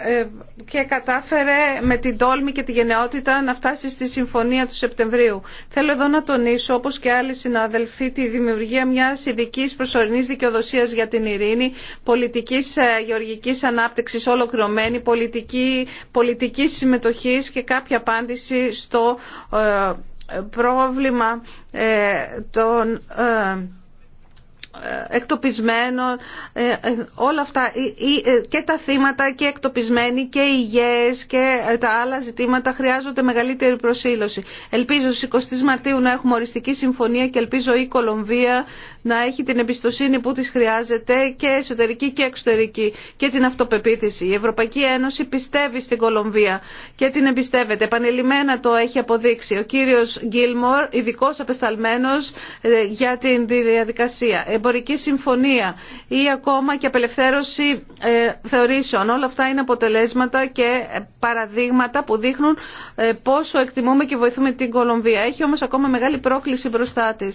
Ε, και κατάφερε με την τόλμη και τη γενναιότητα να φτάσει στη συμφωνία του Σεπτεμβρίου. Θέλω εδώ να τονίσω, όπως και άλλοι συναδελφοί, τη δημιουργία μιας ειδική προσωρινής δικαιοδοσίας για την ειρήνη, πολιτικής ε, γεωργικής ανάπτυξη ολοκληρωμένη, πολιτική, πολιτικής συμμετοχής και κάποια απάντηση στο ε, πρόβλημα των εκτοπισμένων, ε, ε, όλα αυτά ε, και τα θύματα και εκτοπισμένοι και οι γέες και τα άλλα ζητήματα χρειάζονται μεγαλύτερη προσήλωση. Ελπίζω στις 20 Μαρτίου να έχουμε οριστική συμφωνία και ελπίζω η Κολομβία να έχει την εμπιστοσύνη που της χρειάζεται και εσωτερική και εξωτερική και την αυτοπεποίθηση. Η Ευρωπαϊκή Ένωση πιστεύει στην Κολομβία και την εμπιστεύεται. Επανελειμμένα το έχει αποδείξει ο κύριος Γκίλμορ, ειδικό απεσταλμένος ε, για την διαδικασία. Εμπορική συμφωνία ή ακόμα και απελευθέρωση ε, θεωρήσεων. Όλα αυτά είναι αποτελέσματα και παραδείγματα που δείχνουν ε, πόσο εκτιμούμε και βοηθούμε την Κολομβία. Έχει όμω ακόμα μεγάλη πρόκληση μπροστά τη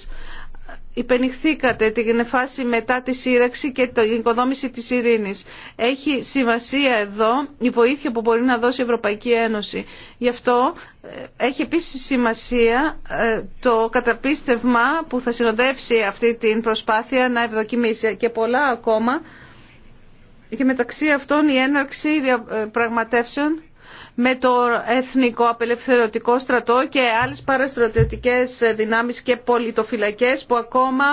υπενηχθήκατε την φάση μετά τη σύραξη και την οικοδόμηση της ειρήνης. Έχει σημασία εδώ η βοήθεια που μπορεί να δώσει η Ευρωπαϊκή Ένωση. Γι' αυτό ε, έχει επίσης σημασία ε, το καταπίστευμα που θα συνοδεύσει αυτή την προσπάθεια να ευδοκιμήσει και πολλά ακόμα και μεταξύ αυτών η έναρξη διαπραγματεύσεων ε, με το Εθνικό Απελευθερωτικό Στρατό και άλλες παραστρατιωτικές δυνάμεις και πολιτοφυλακές που ακόμα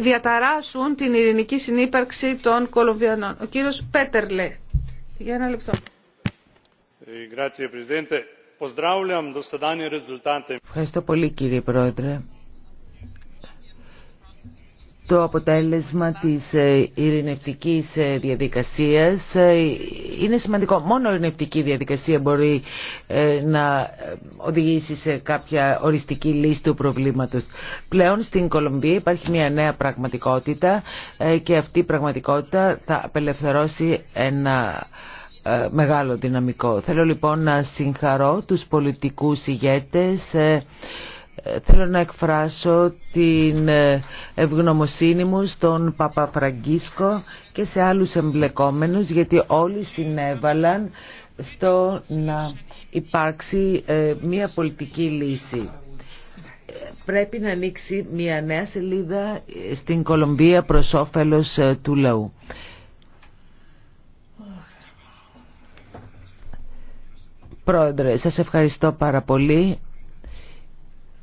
διαταράσσουν την ειρηνική συνύπαρξη των Κολομβιανών. Ο κύριος Πέτερλε. Για ένα λεπτό. Ευχαριστώ πολύ κύριε Πρόεδρε το αποτέλεσμα της ε, ειρηνευτικής ε, διαδικασίας ε, είναι σημαντικό. Μόνο η ειρηνευτική διαδικασία μπορεί να οδηγήσει σε κάποια οριστική λύση του προβλήματος. Πλέον στην Κολομβία υπάρχει μια νέα πραγματικότητα και αυτή η πραγματικότητα θα απελευθερώσει ένα μεγάλο δυναμικό. Θέλω λοιπόν να συγχαρώ τους πολιτικούς ηγέτες Θέλω να εκφράσω την ευγνωμοσύνη μου στον Παπαφραγκίσκο και σε άλλους εμπλεκόμενους γιατί όλοι συνέβαλαν στο να υπάρξει ε, μία πολιτική λύση. Πρέπει να ανοίξει μία νέα σελίδα ε, στην Κολομβία προς όφελος ε, του λαού. Πρόεδρε, σας ευχαριστώ πάρα πολύ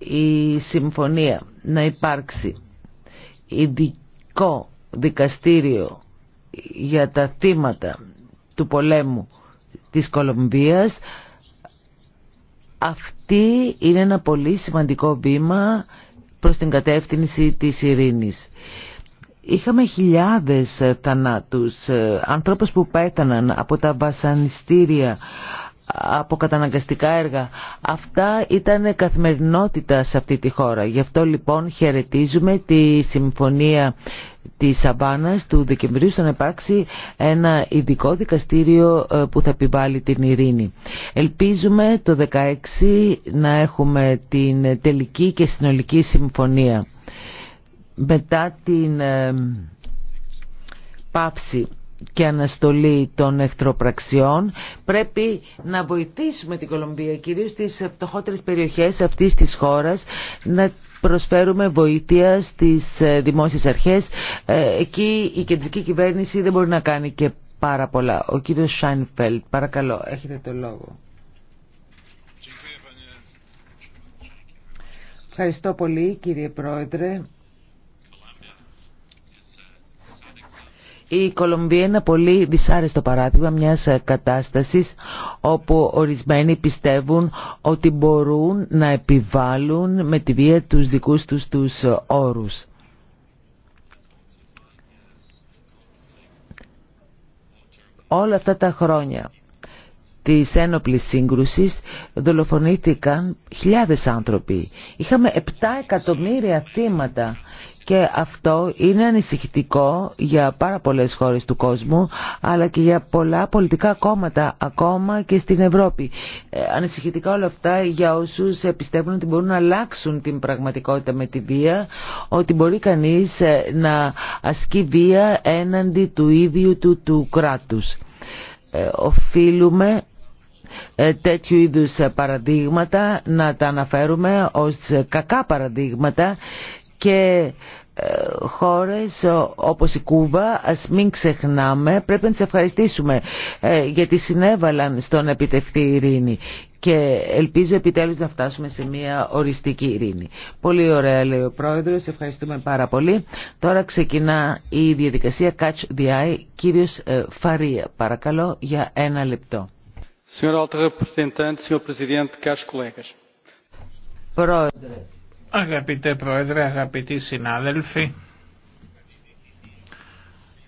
η συμφωνία να υπάρξει ειδικό δικαστήριο για τα θύματα του πολέμου της Κολομβίας αυτή είναι ένα πολύ σημαντικό βήμα προς την κατεύθυνση της ειρήνης. Είχαμε χιλιάδες θανάτους, ε, ανθρώπους που πέθαναν από τα βασανιστήρια, από καταναγκαστικά έργα. Αυτά ήταν καθημερινότητα σε αυτή τη χώρα. Γι' αυτό λοιπόν χαιρετίζουμε τη συμφωνία της Σαμπάνας του Δεκεμβρίου στο να υπάρξει ένα ειδικό δικαστήριο ε, που θα επιβάλλει την ειρήνη. Ελπίζουμε το 2016 να έχουμε την τελική και συνολική συμφωνία. Μετά την ε, πάψη και αναστολή των εχθροπραξιών. Πρέπει να βοηθήσουμε την Κολομβία, κυρίως στις φτωχότερες περιοχές αυτής της χώρας, να προσφέρουμε βοήθεια στις ε, δημόσιες αρχές. Ε, εκεί η κεντρική κυβέρνηση δεν μπορεί να κάνει και πάρα πολλά. Ο κύριος Σάινφελτ, παρακαλώ, έχετε το λόγο. Ευχαριστώ πολύ κύριε Πρόεδρε. Η Κολομβία είναι ένα πολύ δυσάρεστο παράδειγμα μιας κατάστασης όπου ορισμένοι πιστεύουν ότι μπορούν να επιβάλλουν με τη βία τους δικούς τους τους όρους. Όλα αυτά τα χρόνια τη ένοπλης σύγκρουσης δολοφονήθηκαν χιλιάδες άνθρωποι. Είχαμε 7 εκατομμύρια θύματα και αυτό είναι ανησυχητικό για πάρα πολλές χώρες του κόσμου αλλά και για πολλά πολιτικά κόμματα ακόμα και στην Ευρώπη. Ε, ανησυχητικά όλα αυτά για όσους ε, πιστεύουν ότι μπορούν να αλλάξουν την πραγματικότητα με τη βία ότι μπορεί κανείς ε, να ασκεί βία έναντι του ίδιου του, του κράτους. Οφείλουμε τέτοιου είδους παραδείγματα να τα αναφέρουμε ως κακά παραδείγματα και ε, χώρες όπως η Κούβα ας μην ξεχνάμε πρέπει να τις ευχαριστήσουμε ε, γιατί συνέβαλαν στο να επιτευχθεί η ειρήνη και ελπίζω επιτέλους να φτάσουμε σε μια οριστική ειρήνη. Πολύ ωραία λέει ο Πρόεδρος, ευχαριστούμε πάρα πολύ. Τώρα ξεκινά η διαδικασία Catch the Eye. Κύριος ε, Φαρία, παρακαλώ για ένα λεπτό. Αγαπητέ Πρόεδρε, αγαπητοί συνάδελφοι,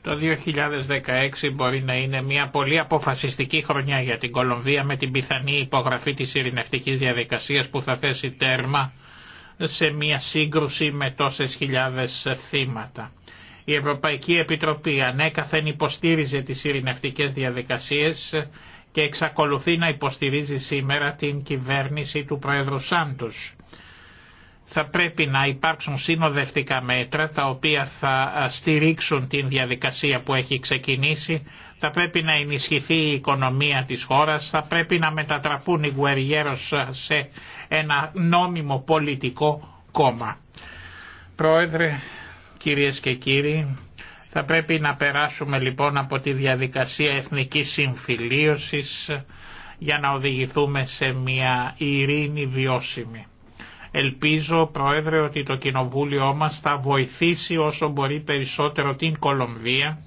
το 2016 μπορεί να είναι μια πολύ αποφασιστική χρονιά για την Κολομβία με την πιθανή υπογραφή της ειρηνευτικής διαδικασίας που θα θέσει τέρμα σε μια σύγκρουση με τόσες χιλιάδες θύματα. Η Ευρωπαϊκή Επιτροπή ανέκαθεν υποστήριζε τις ειρηνευτικές διαδικασίες και εξακολουθεί να υποστηρίζει σήμερα την κυβέρνηση του Πρόεδρου Σάντους θα πρέπει να υπάρξουν συνοδευτικά μέτρα τα οποία θα στηρίξουν την διαδικασία που έχει ξεκινήσει, θα πρέπει να ενισχυθεί η οικονομία της χώρας, θα πρέπει να μετατραπούν οι Γουεριέρος σε ένα νόμιμο πολιτικό κόμμα. Πρόεδρε, κυρίες και κύριοι, θα πρέπει να περάσουμε λοιπόν από τη διαδικασία εθνικής συμφιλίωσης για να οδηγηθούμε σε μια ειρήνη βιώσιμη. Ελπίζω, Πρόεδρε, ότι το Κοινοβούλιο μας θα βοηθήσει όσο μπορεί περισσότερο την Κολομβία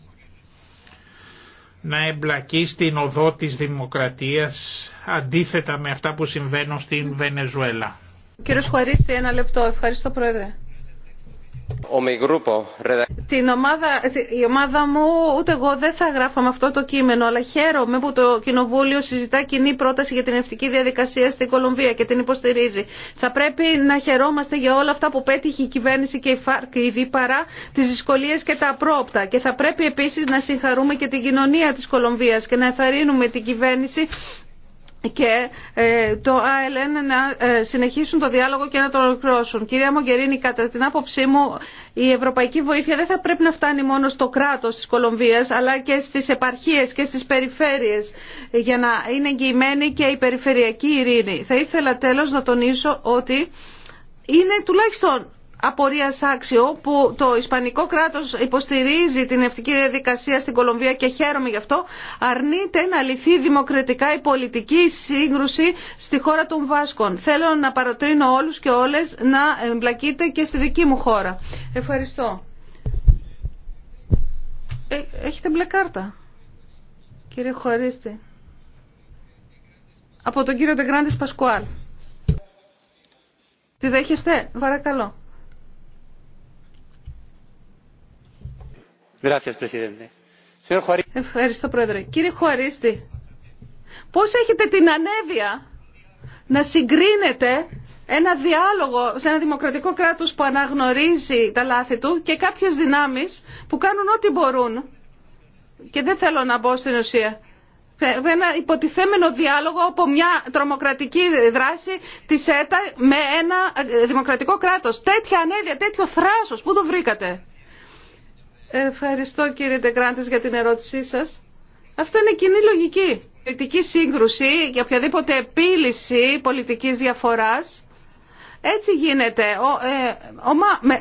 να εμπλακεί στην οδό της δημοκρατίας αντίθετα με αυτά που συμβαίνουν στην Βενεζουέλα. Κύριος Χουαρίστη, ένα λεπτό. Ευχαριστώ, Πρόεδρε. Την ομάδα, η ομάδα μου ούτε εγώ δεν θα γράφω με αυτό το κείμενο αλλά χαίρομαι που το Κοινοβούλιο συζητά κοινή πρόταση για την ευτική διαδικασία στην Κολομβία και την υποστηρίζει. Θα πρέπει να χαιρόμαστε για όλα αυτά που πέτυχε η κυβέρνηση και η ΦΑΡΚ ήδη παρά τις δυσκολίες και τα απρόπτα και θα πρέπει επίση να συγχαρούμε και την κοινωνία τη Κολομβίας και να εθαρρύνουμε την κυβέρνηση και ε, το ΑΕΛΕΝ να ε, συνεχίσουν το διάλογο και να τον ολοκληρώσουν. Κυρία Μογκερίνη, κατά την άποψή μου, η ευρωπαϊκή βοήθεια δεν θα πρέπει να φτάνει μόνο στο κράτος της Κολομβίας, αλλά και στις επαρχίες και στις περιφέρειες, για να είναι εγγυημένη και η περιφερειακή ειρήνη. Θα ήθελα τέλος να τονίσω ότι είναι τουλάχιστον απορία άξιο που το Ισπανικό κράτο υποστηρίζει την ευτική διαδικασία στην Κολομβία και χαίρομαι γι' αυτό αρνείται να λυθεί δημοκρατικά η πολιτική σύγκρουση στη χώρα των Βάσκων. Θέλω να παροτρύνω όλους και όλες να εμπλακείτε και στη δική μου χώρα. Ευχαριστώ. Ε, έχετε μπλε κάρτα. Κύριε Χωρίστη. Από τον κύριο Ντεγκράντη Πασκουάλ. Τη δέχεστε, παρακαλώ. Ευχαριστώ, Πρόεδρε. Κύριε Χουαρίστη, πώς έχετε την ανέβεια να συγκρίνετε ένα διάλογο σε ένα δημοκρατικό κράτος που αναγνωρίζει τα λάθη του και κάποιες δυνάμεις που κάνουν ό,τι μπορούν. Και δεν θέλω να μπω στην ουσία. Ένα υποτιθέμενο διάλογο από μια τρομοκρατική δράση της ΕΤΑ με ένα ε, δημοκρατικό κράτος. Τέτοια ανέβεια, τέτοιο θράσος. Πού το βρήκατε. Ευχαριστώ κύριε Ντεγκράντης για την ερώτησή σας. Αυτό είναι κοινή λογική. Πολιτική σύγκρουση για οποιαδήποτε επίλυση πολιτικής διαφοράς έτσι γίνεται. Ο, ε,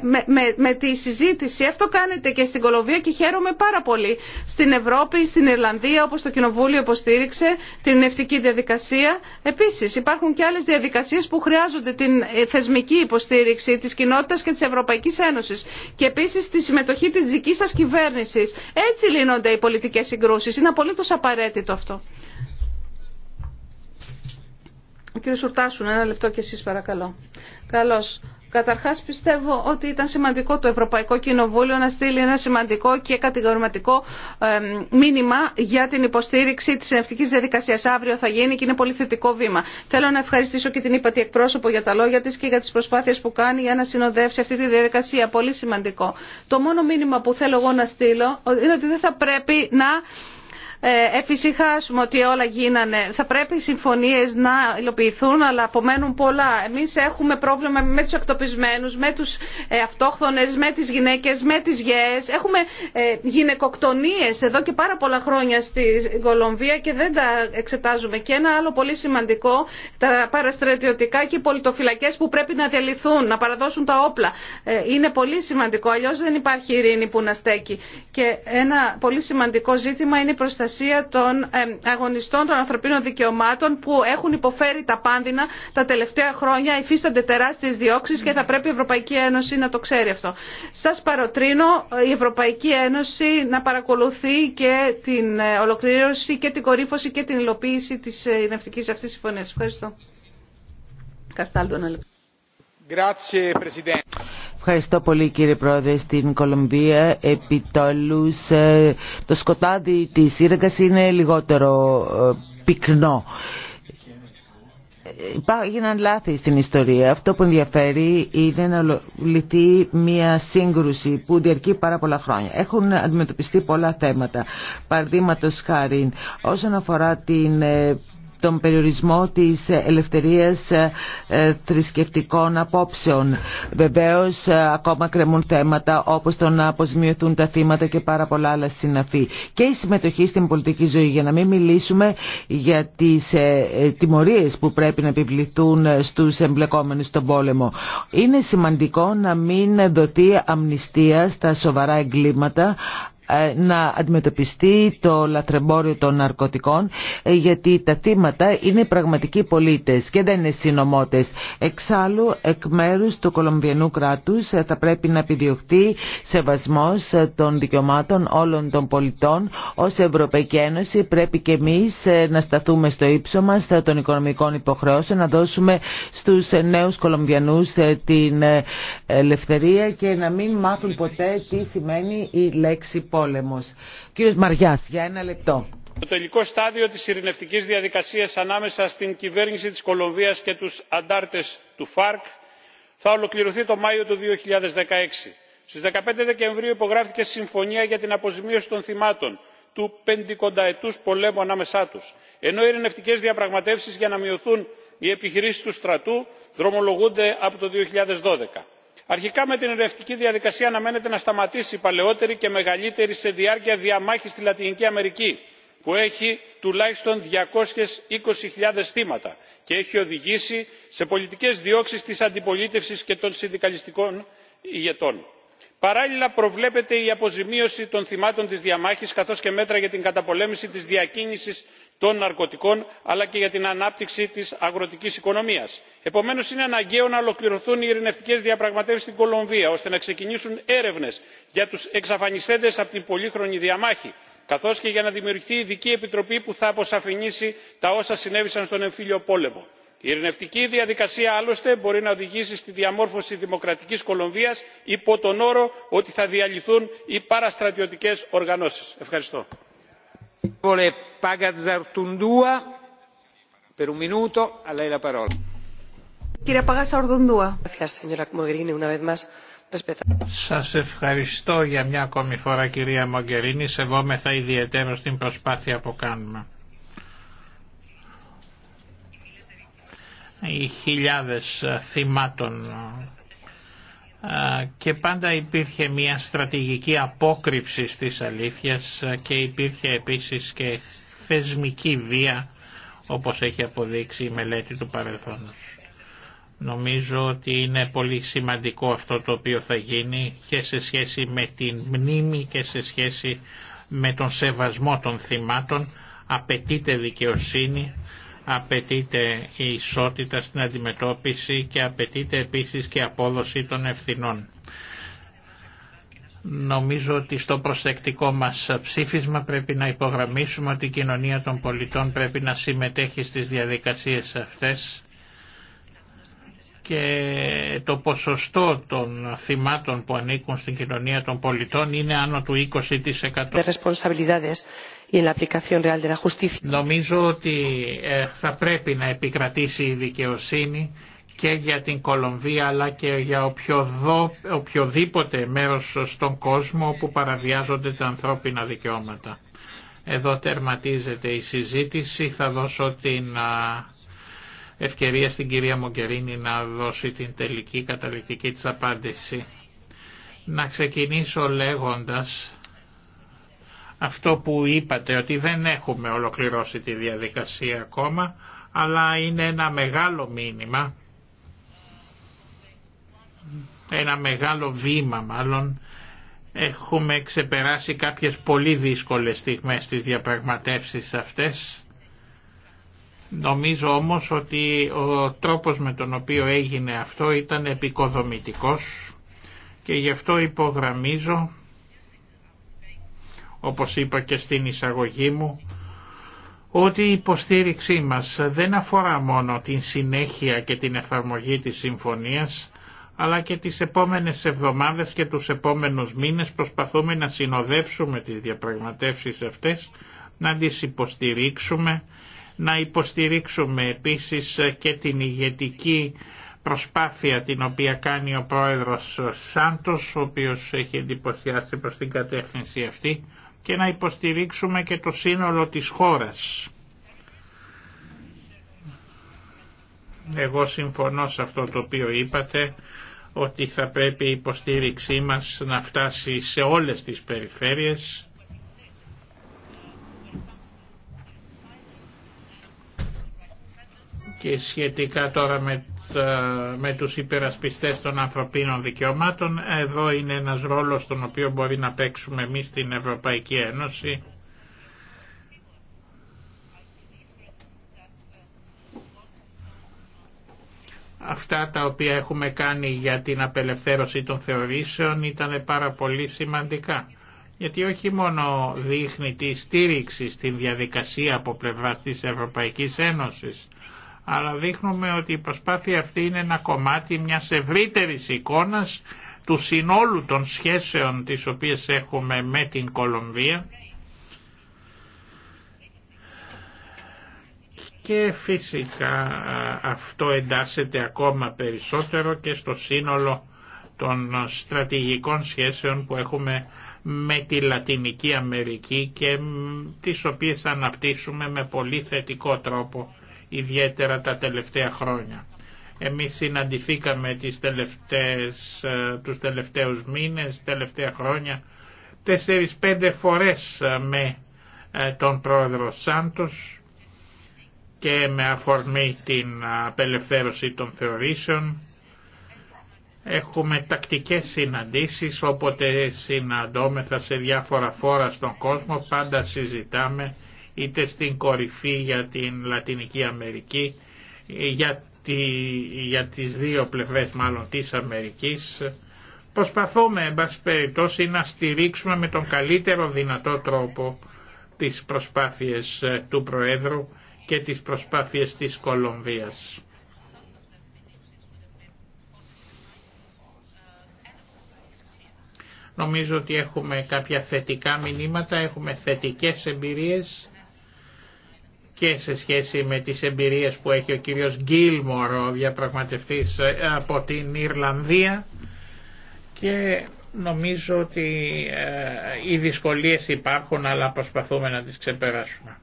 με, με, τη συζήτηση αυτό κάνετε και στην Κολοβία και χαίρομαι πάρα πολύ. Στην Ευρώπη, στην Ιρλανδία όπως το Κοινοβούλιο υποστήριξε την ευτική διαδικασία. Επίσης υπάρχουν και άλλες διαδικασίες που χρειάζονται την ε, θεσμική υποστήριξη της κοινότητας και της Ευρωπαϊκής Ένωσης και επίσης τη συμμετοχή της δικής σας κυβέρνησης. Έτσι λύνονται οι πολιτικές συγκρούσεις. Είναι απολύτως απαραίτητο αυτό. Κύριε κύριος ένα λεπτό και εσείς παρακαλώ. Καλώς. Καταρχάς πιστεύω ότι ήταν σημαντικό το Ευρωπαϊκό Κοινοβούλιο να στείλει ένα σημαντικό και κατηγορηματικό μήνυμα για την υποστήριξη της ενευτικής διαδικασίας. Αύριο θα γίνει και είναι πολύ θετικό βήμα. Θέλω να ευχαριστήσω και την ύπατη εκπρόσωπο για τα λόγια της και για τις προσπάθειες που κάνει για να συνοδεύσει αυτή τη διαδικασία. Πολύ σημαντικό. Το μόνο μήνυμα που θέλω εγώ να στείλω ε, είναι ότι δεν θα πρέπει να ε, εφησυχάσουμε ότι όλα γίνανε. Θα πρέπει οι συμφωνίε να υλοποιηθούν, αλλά απομένουν πολλά. Εμεί έχουμε πρόβλημα με του εκτοπισμένου, με τους ε, αυτόχθονες, με τι γυναίκε, με τι γέε. Έχουμε ε, γυναικοκτονίε εδώ και πάρα πολλά χρόνια στη Κολομβία και δεν τα εξετάζουμε. Και ένα άλλο πολύ σημαντικό, τα παραστρατιωτικά και οι πολιτοφυλακέ που πρέπει να διαλυθούν, να παραδώσουν τα όπλα. Είναι πολύ σημαντικό, Αλλιώ δεν υπάρχει ειρήνη που να στέκει. Και ένα πολύ σημαντικό ζήτημα είναι η προστασία προστασία των ε, αγωνιστών των ανθρωπίνων δικαιωμάτων που έχουν υποφέρει τα πάνδυνα τα τελευταία χρόνια, υφίστανται τεράστιε διώξει και θα πρέπει η Ευρωπαϊκή Ένωση να το ξέρει αυτό. Σα παροτρύνω η Ευρωπαϊκή Ένωση να παρακολουθεί και την ε, ολοκλήρωση και την κορύφωση και την υλοποίηση τη ε, ναυτική αυτή συμφωνία. Ευχαριστώ. Presidente. Ευχαριστώ πολύ κύριε Πρόεδρε. Στην Κολομβία επιτόλους ε, το σκοτάδι της σύραγγας είναι λιγότερο ε, πυκνό. Υπάρχουν λάθη στην ιστορία. Αυτό που ενδιαφέρει είναι να λυθεί μια σύγκρουση που διαρκεί πάρα πολλά χρόνια. Έχουν αντιμετωπιστεί πολλά θέματα. Παραδείγματο χάρη όσον αφορά την ε, τον περιορισμό της ελευθερίας ε, θρησκευτικών απόψεων. Βεβαίως ε, ακόμα κρεμούν θέματα όπως το να αποσμιωθούν τα θύματα και πάρα πολλά άλλα συναφή. Και η συμμετοχή στην πολιτική ζωή για να μην μιλήσουμε για τις ε, τιμωρίες που πρέπει να επιβληθούν στους εμπλεκόμενους στον πόλεμο. Είναι σημαντικό να μην δοθεί αμνηστία στα σοβαρά εγκλήματα ε, να αντιμετωπιστεί το λατρεμπόριο των ναρκωτικών ε, γιατί τα θύματα είναι πραγματικοί πολίτες και δεν είναι συνομότες. Εξάλλου, εκ μέρου του Κολομβιανού κράτους ε, θα πρέπει να επιδιωχθεί σεβασμός των δικαιωμάτων όλων των πολιτών. Ως Ευρωπαϊκή Ένωση πρέπει και εμείς να σταθούμε στο ύψο μας των οικονομικών υποχρεώσεων, να δώσουμε στους νέους Κολομβιανούς την ελευθερία και να μην μάθουν ποτέ τι σημαίνει η λέξη πόλεμος. Κύριος για ένα λεπτό. Το τελικό στάδιο της ειρηνευτικής διαδικασίας ανάμεσα στην κυβέρνηση της Κολομβίας και τους αντάρτες του ΦΑΡΚ θα ολοκληρωθεί το Μάιο του 2016. Στις 15 Δεκεμβρίου υπογράφηκε συμφωνία για την αποζημίωση των θυμάτων του πεντηκονταετού πολέμου ανάμεσά του, ενώ οι ειρηνευτικές διαπραγματεύσεις για να μειωθούν οι επιχειρήσει του στρατού δρομολογούνται από το 2012 αρχικά με την ερευτική διαδικασία αναμένεται να σταματήσει η παλαιότερη και μεγαλύτερη σε διάρκεια διαμάχη στη λατινική αμερική που έχει τουλάχιστον 220.000 θύματα και έχει οδηγήσει σε πολιτικές διώξει τη αντιπολίτευσης και των συνδικαλιστικών ηγετών. παράλληλα προβλέπεται η αποζημίωση των θυμάτων τη διαμάχης καθώ και μέτρα για την καταπολέμηση τη διακίνηση των ναρκωτικών αλλά και για την ανάπτυξη τη αγροτική οικονομία. Επομένω, είναι αναγκαίο να ολοκληρωθούν οι ειρηνευτικές διαπραγματεύσει στην κολομβία ώστε να ξεκινήσουν έρευνε για του εξαφανιστέντε από την πολύχρονη διαμάχη καθώ και για να δημιουργηθεί ειδική επιτροπή που θα αποσαφηνίσει τα όσα συνέβησαν στον εμφύλιο πόλεμο. η ειρηνευτική διαδικασία άλλωστε μπορεί να οδηγήσει στη διαμόρφωση δημοκρατική κολομβίας υπό τον όρο ότι θα διαλυθούν οι παραστρατιωτικέ οργανώσει. ευχαριστώ. Σας ευχαριστώ για μια ακόμη φορά κυρία Μογκερίνη. Σεβόμεθα ιδιαίτερα στην προσπάθεια που κάνουμε. Οι χιλιάδες θυμάτων και πάντα υπήρχε μια στρατηγική απόκρυψη της αλήθειας και υπήρχε επίσης και θεσμική βία όπως έχει αποδείξει η μελέτη του παρελθόντος. Νομίζω ότι είναι πολύ σημαντικό αυτό το οποίο θα γίνει και σε σχέση με την μνήμη και σε σχέση με τον σεβασμό των θυμάτων απαιτείται δικαιοσύνη απαιτείται η ισότητα στην αντιμετώπιση και απαιτείται επίσης και απόδοση των ευθυνών. Νομίζω ότι στο προσεκτικό μας ψήφισμα πρέπει να υπογραμμίσουμε ότι η κοινωνία των πολιτών πρέπει να συμμετέχει στις διαδικασίες αυτές και το ποσοστό των θυμάτων που ανήκουν στην κοινωνία των πολιτών είναι άνω του 20%. Νομίζω ότι ε, θα πρέπει να επικρατήσει η δικαιοσύνη και για την Κολομβία αλλά και για οποιοδήποτε μέρος στον κόσμο που παραβιάζονται τα ανθρώπινα δικαιώματα. Εδώ τερματίζεται η συζήτηση. Θα δώσω την ευκαιρία στην κυρία Μογκερίνη να δώσει την τελική καταληκτική της απάντηση. Να ξεκινήσω λέγοντας αυτό που είπατε ότι δεν έχουμε ολοκληρώσει τη διαδικασία ακόμα αλλά είναι ένα μεγάλο μήνυμα ένα μεγάλο βήμα μάλλον έχουμε ξεπεράσει κάποιες πολύ δύσκολες στιγμές στις διαπραγματεύσεις αυτές νομίζω όμως ότι ο τρόπος με τον οποίο έγινε αυτό ήταν επικοδομητικός και γι' αυτό υπογραμμίζω όπως είπα και στην εισαγωγή μου, ότι η υποστήριξή μας δεν αφορά μόνο την συνέχεια και την εφαρμογή της συμφωνίας, αλλά και τις επόμενες εβδομάδες και τους επόμενους μήνες προσπαθούμε να συνοδεύσουμε τις διαπραγματεύσεις αυτές, να τις υποστηρίξουμε, να υποστηρίξουμε επίσης και την ηγετική προσπάθεια την οποία κάνει ο πρόεδρος Σάντος, ο οποίος έχει εντυπωσιάσει προς την κατεύθυνση αυτή, και να υποστηρίξουμε και το σύνολο της χώρας. Εγώ συμφωνώ σε αυτό το οποίο είπατε ότι θα πρέπει η υποστήριξή μας να φτάσει σε όλες τις περιφέρειες και σχετικά τώρα με ε, με τους υπερασπιστές των ανθρωπίνων δικαιωμάτων. Εδώ είναι ένας ρόλος τον οποίο μπορεί να παίξουμε εμείς στην Ευρωπαϊκή Ένωση. Αυτά τα οποία έχουμε κάνει για την απελευθέρωση των θεωρήσεων ήταν πάρα πολύ σημαντικά γιατί όχι μόνο δείχνει τη στήριξη στην διαδικασία από πλευρά της Ευρωπαϊκής Ένωσης, αλλά δείχνουμε ότι η προσπάθεια αυτή είναι ένα κομμάτι μιας ευρύτερης εικόνας του συνόλου των σχέσεων τις οποίες έχουμε με την Κολομβία και φυσικά αυτό εντάσσεται ακόμα περισσότερο και στο σύνολο των στρατηγικών σχέσεων που έχουμε με τη Λατινική Αμερική και τις οποίες αναπτύσσουμε με πολύ θετικό τρόπο ιδιαίτερα τα τελευταία χρόνια. Εμείς συναντηθήκαμε τις τελευταίες, ε, τους τελευταίους μήνες, τελευταία χρόνια, τεσσέρις-πέντε φορές ε, με ε, τον πρόεδρο Σάντος και με αφορμή την απελευθέρωση των θεωρήσεων. Έχουμε τακτικές συναντήσεις, όποτε συναντώμεθα σε διάφορα φόρα στον κόσμο, πάντα συζητάμε είτε στην κορυφή για την Λατινική Αμερική, για, τη, τις δύο πλευρές μάλλον της Αμερικής. Προσπαθούμε, εν πάση περιπτώσει, να στηρίξουμε με τον καλύτερο δυνατό τρόπο τις προσπάθειες ε, του Προέδρου και τις προσπάθειες της Κολομβίας. Νομίζω ότι έχουμε κάποια θετικά μηνύματα, έχουμε θετικές εμπειρίες και σε σχέση με τις εμπειρίες που έχει ο κύριος Γκίλμορ, ο διαπραγματευτής ε, από την Ιρλανδία και νομίζω ότι ε, οι δυσκολίες υπάρχουν αλλά προσπαθούμε να τις ξεπεράσουμε.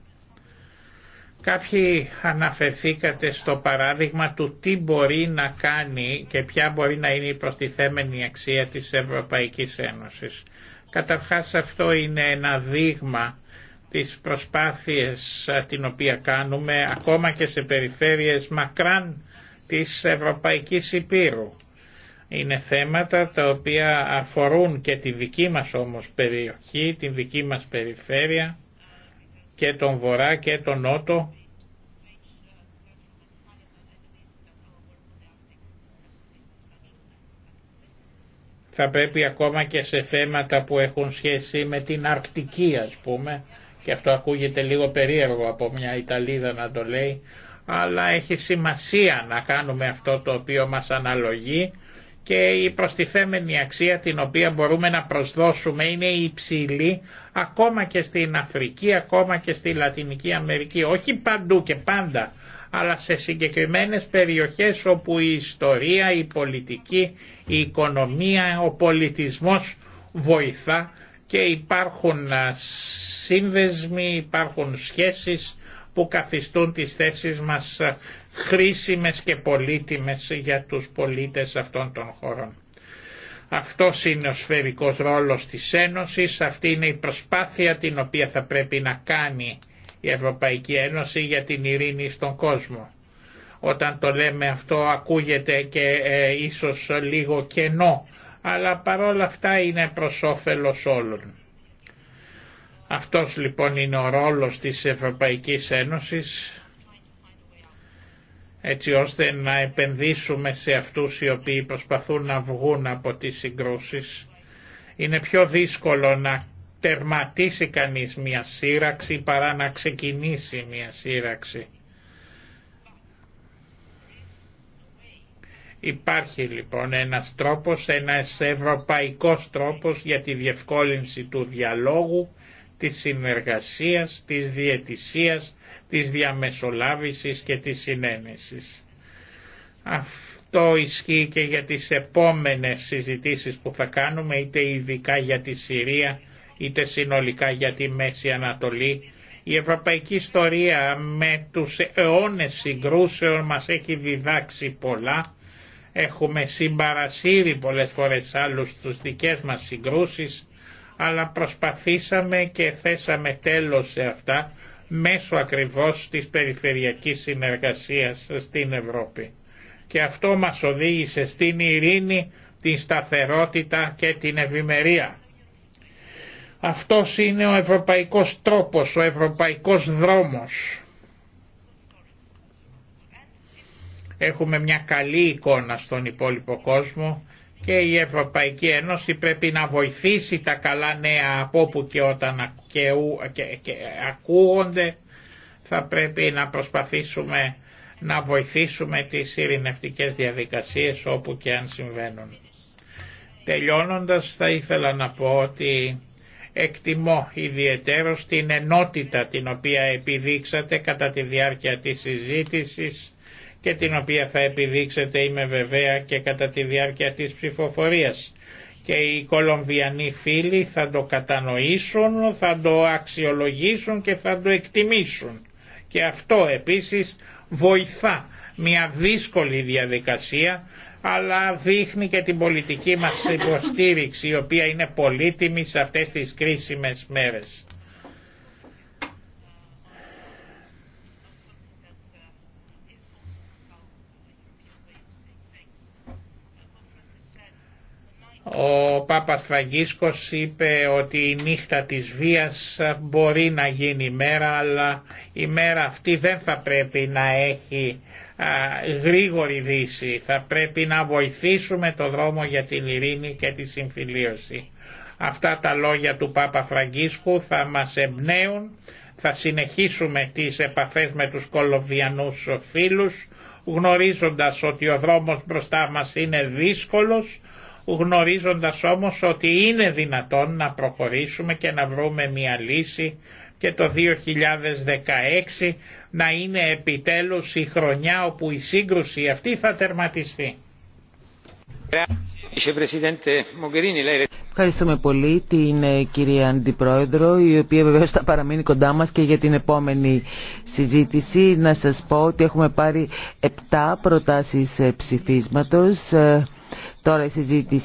Κάποιοι αναφερθήκατε στο παράδειγμα του τι μπορεί να κάνει και ποια μπορεί να είναι η προστιθέμενη αξία της Ευρωπαϊκής Ένωσης. Καταρχάς αυτό είναι ένα δείγμα τις προσπάθειες την οποία κάνουμε ακόμα και σε περιφέρειες μακράν της Ευρωπαϊκής Υπήρου. Είναι θέματα τα οποία αφορούν και τη δική μας όμως περιοχή, την δική μας περιφέρεια και τον Βορρά και τον Νότο θα πρέπει ακόμα και σε θέματα που έχουν σχέση με την Αρκτική ας πούμε και αυτό ακούγεται λίγο περίεργο από μια Ιταλίδα να το λέει, αλλά έχει σημασία να κάνουμε αυτό το οποίο μας αναλογεί και η προστιθέμενη αξία την οποία μπορούμε να προσδώσουμε είναι υψηλή ακόμα και στην Αφρική, ακόμα και στη Λατινική Αμερική, όχι παντού και πάντα, αλλά σε συγκεκριμένες περιοχές όπου η ιστορία, η πολιτική, η οικονομία, ο πολιτισμός βοηθά και υπάρχουν σύνδεσμοι, υπάρχουν σχέσεις που καθιστούν τις θέσεις μας χρήσιμες και πολύτιμες για τους πολίτες αυτών των χωρών. Αυτό είναι ο σφαιρικός ρόλος της Ένωσης, αυτή είναι η προσπάθεια την οποία θα πρέπει να κάνει η Ευρωπαϊκή Ένωση για την ειρήνη στον κόσμο. Όταν το λέμε αυτό ακούγεται και ε, ίσως λίγο κενό αλλά παρόλα αυτά είναι προς όφελος όλων. Αυτός λοιπόν είναι ο ρόλος της Ευρωπαϊκής Ένωσης έτσι ώστε να επενδύσουμε σε αυτούς οι οποίοι προσπαθούν να βγουν από τις συγκρούσεις. Είναι πιο δύσκολο να τερματίσει κανείς μια σύραξη παρά να ξεκινήσει μια σύραξη. Υπάρχει λοιπόν ένας τρόπος, ένας ευρωπαϊκός τρόπος για τη διευκόλυνση του διαλόγου, της συνεργασίας, της διαιτησίας, της διαμεσολάβησης και της συνένεσης. Αυτό ισχύει και για τις επόμενες συζητήσεις που θα κάνουμε, είτε ειδικά για τη Συρία, είτε συνολικά για τη Μέση Ανατολή. Η ευρωπαϊκή ιστορία με τους αιώνες συγκρούσεων μας έχει διδάξει πολλά έχουμε συμπαρασύρει πολλές φορές άλλους στους δικές μας συγκρούσεις, αλλά προσπαθήσαμε και θέσαμε τέλος σε αυτά μέσω ακριβώς της περιφερειακής συνεργασίας στην Ευρώπη. Και αυτό μας οδήγησε στην ειρήνη, την σταθερότητα και την ευημερία. Αυτός είναι ο ευρωπαϊκός τρόπος, ο ευρωπαϊκός δρόμος Έχουμε μια καλή εικόνα στον υπόλοιπο κόσμο και η Ευρωπαϊκή Ένωση πρέπει να βοηθήσει τα καλά νέα από όπου και όταν ακούγονται. Θα πρέπει να προσπαθήσουμε να βοηθήσουμε τις ειρηνευτικές διαδικασίες όπου και αν συμβαίνουν. Τελειώνοντας θα ήθελα να πω ότι εκτιμώ ιδιαίτερο την ενότητα την οποία επιδείξατε κατά τη διάρκεια της συζήτησης και την οποία θα επιδείξετε είμαι βεβαία και κατά τη διάρκεια της ψηφοφορίας. Και οι Κολομβιανοί φίλοι θα το κατανοήσουν, θα το αξιολογήσουν και θα το εκτιμήσουν. Και αυτό επίσης βοηθά μια δύσκολη διαδικασία αλλά δείχνει και την πολιτική μας υποστήριξη η οποία είναι πολύτιμη σε αυτές τις κρίσιμες μέρες. Ο Πάπας Φραγκίσκος είπε ότι η νύχτα της βίας μπορεί να γίνει μέρα αλλά η μέρα αυτή δεν θα πρέπει να έχει α, γρήγορη δύση. Θα πρέπει να βοηθήσουμε το δρόμο για την ειρήνη και τη συμφιλίωση. Αυτά τα λόγια του Πάπα Φραγκίσκου θα μας εμπνέουν. Θα συνεχίσουμε τις επαφές με τους κολοβιανούς φίλους γνωρίζοντας ότι ο δρόμος μπροστά μας είναι δύσκολος γνωρίζοντας όμως ότι είναι δυνατόν να προχωρήσουμε και να βρούμε μια λύση και το 2016 να είναι επιτέλους η χρονιά όπου η σύγκρουση αυτή θα τερματιστεί. Ευχαριστούμε πολύ την ε, κυρία Αντιπρόεδρο, η οποία βεβαίως θα παραμείνει κοντά μας και για την επόμενη συζήτηση. Να σας πω ότι έχουμε πάρει 7 προτάσεις ε, ψηφίσματος. Ε, Τώρα η συζήτηση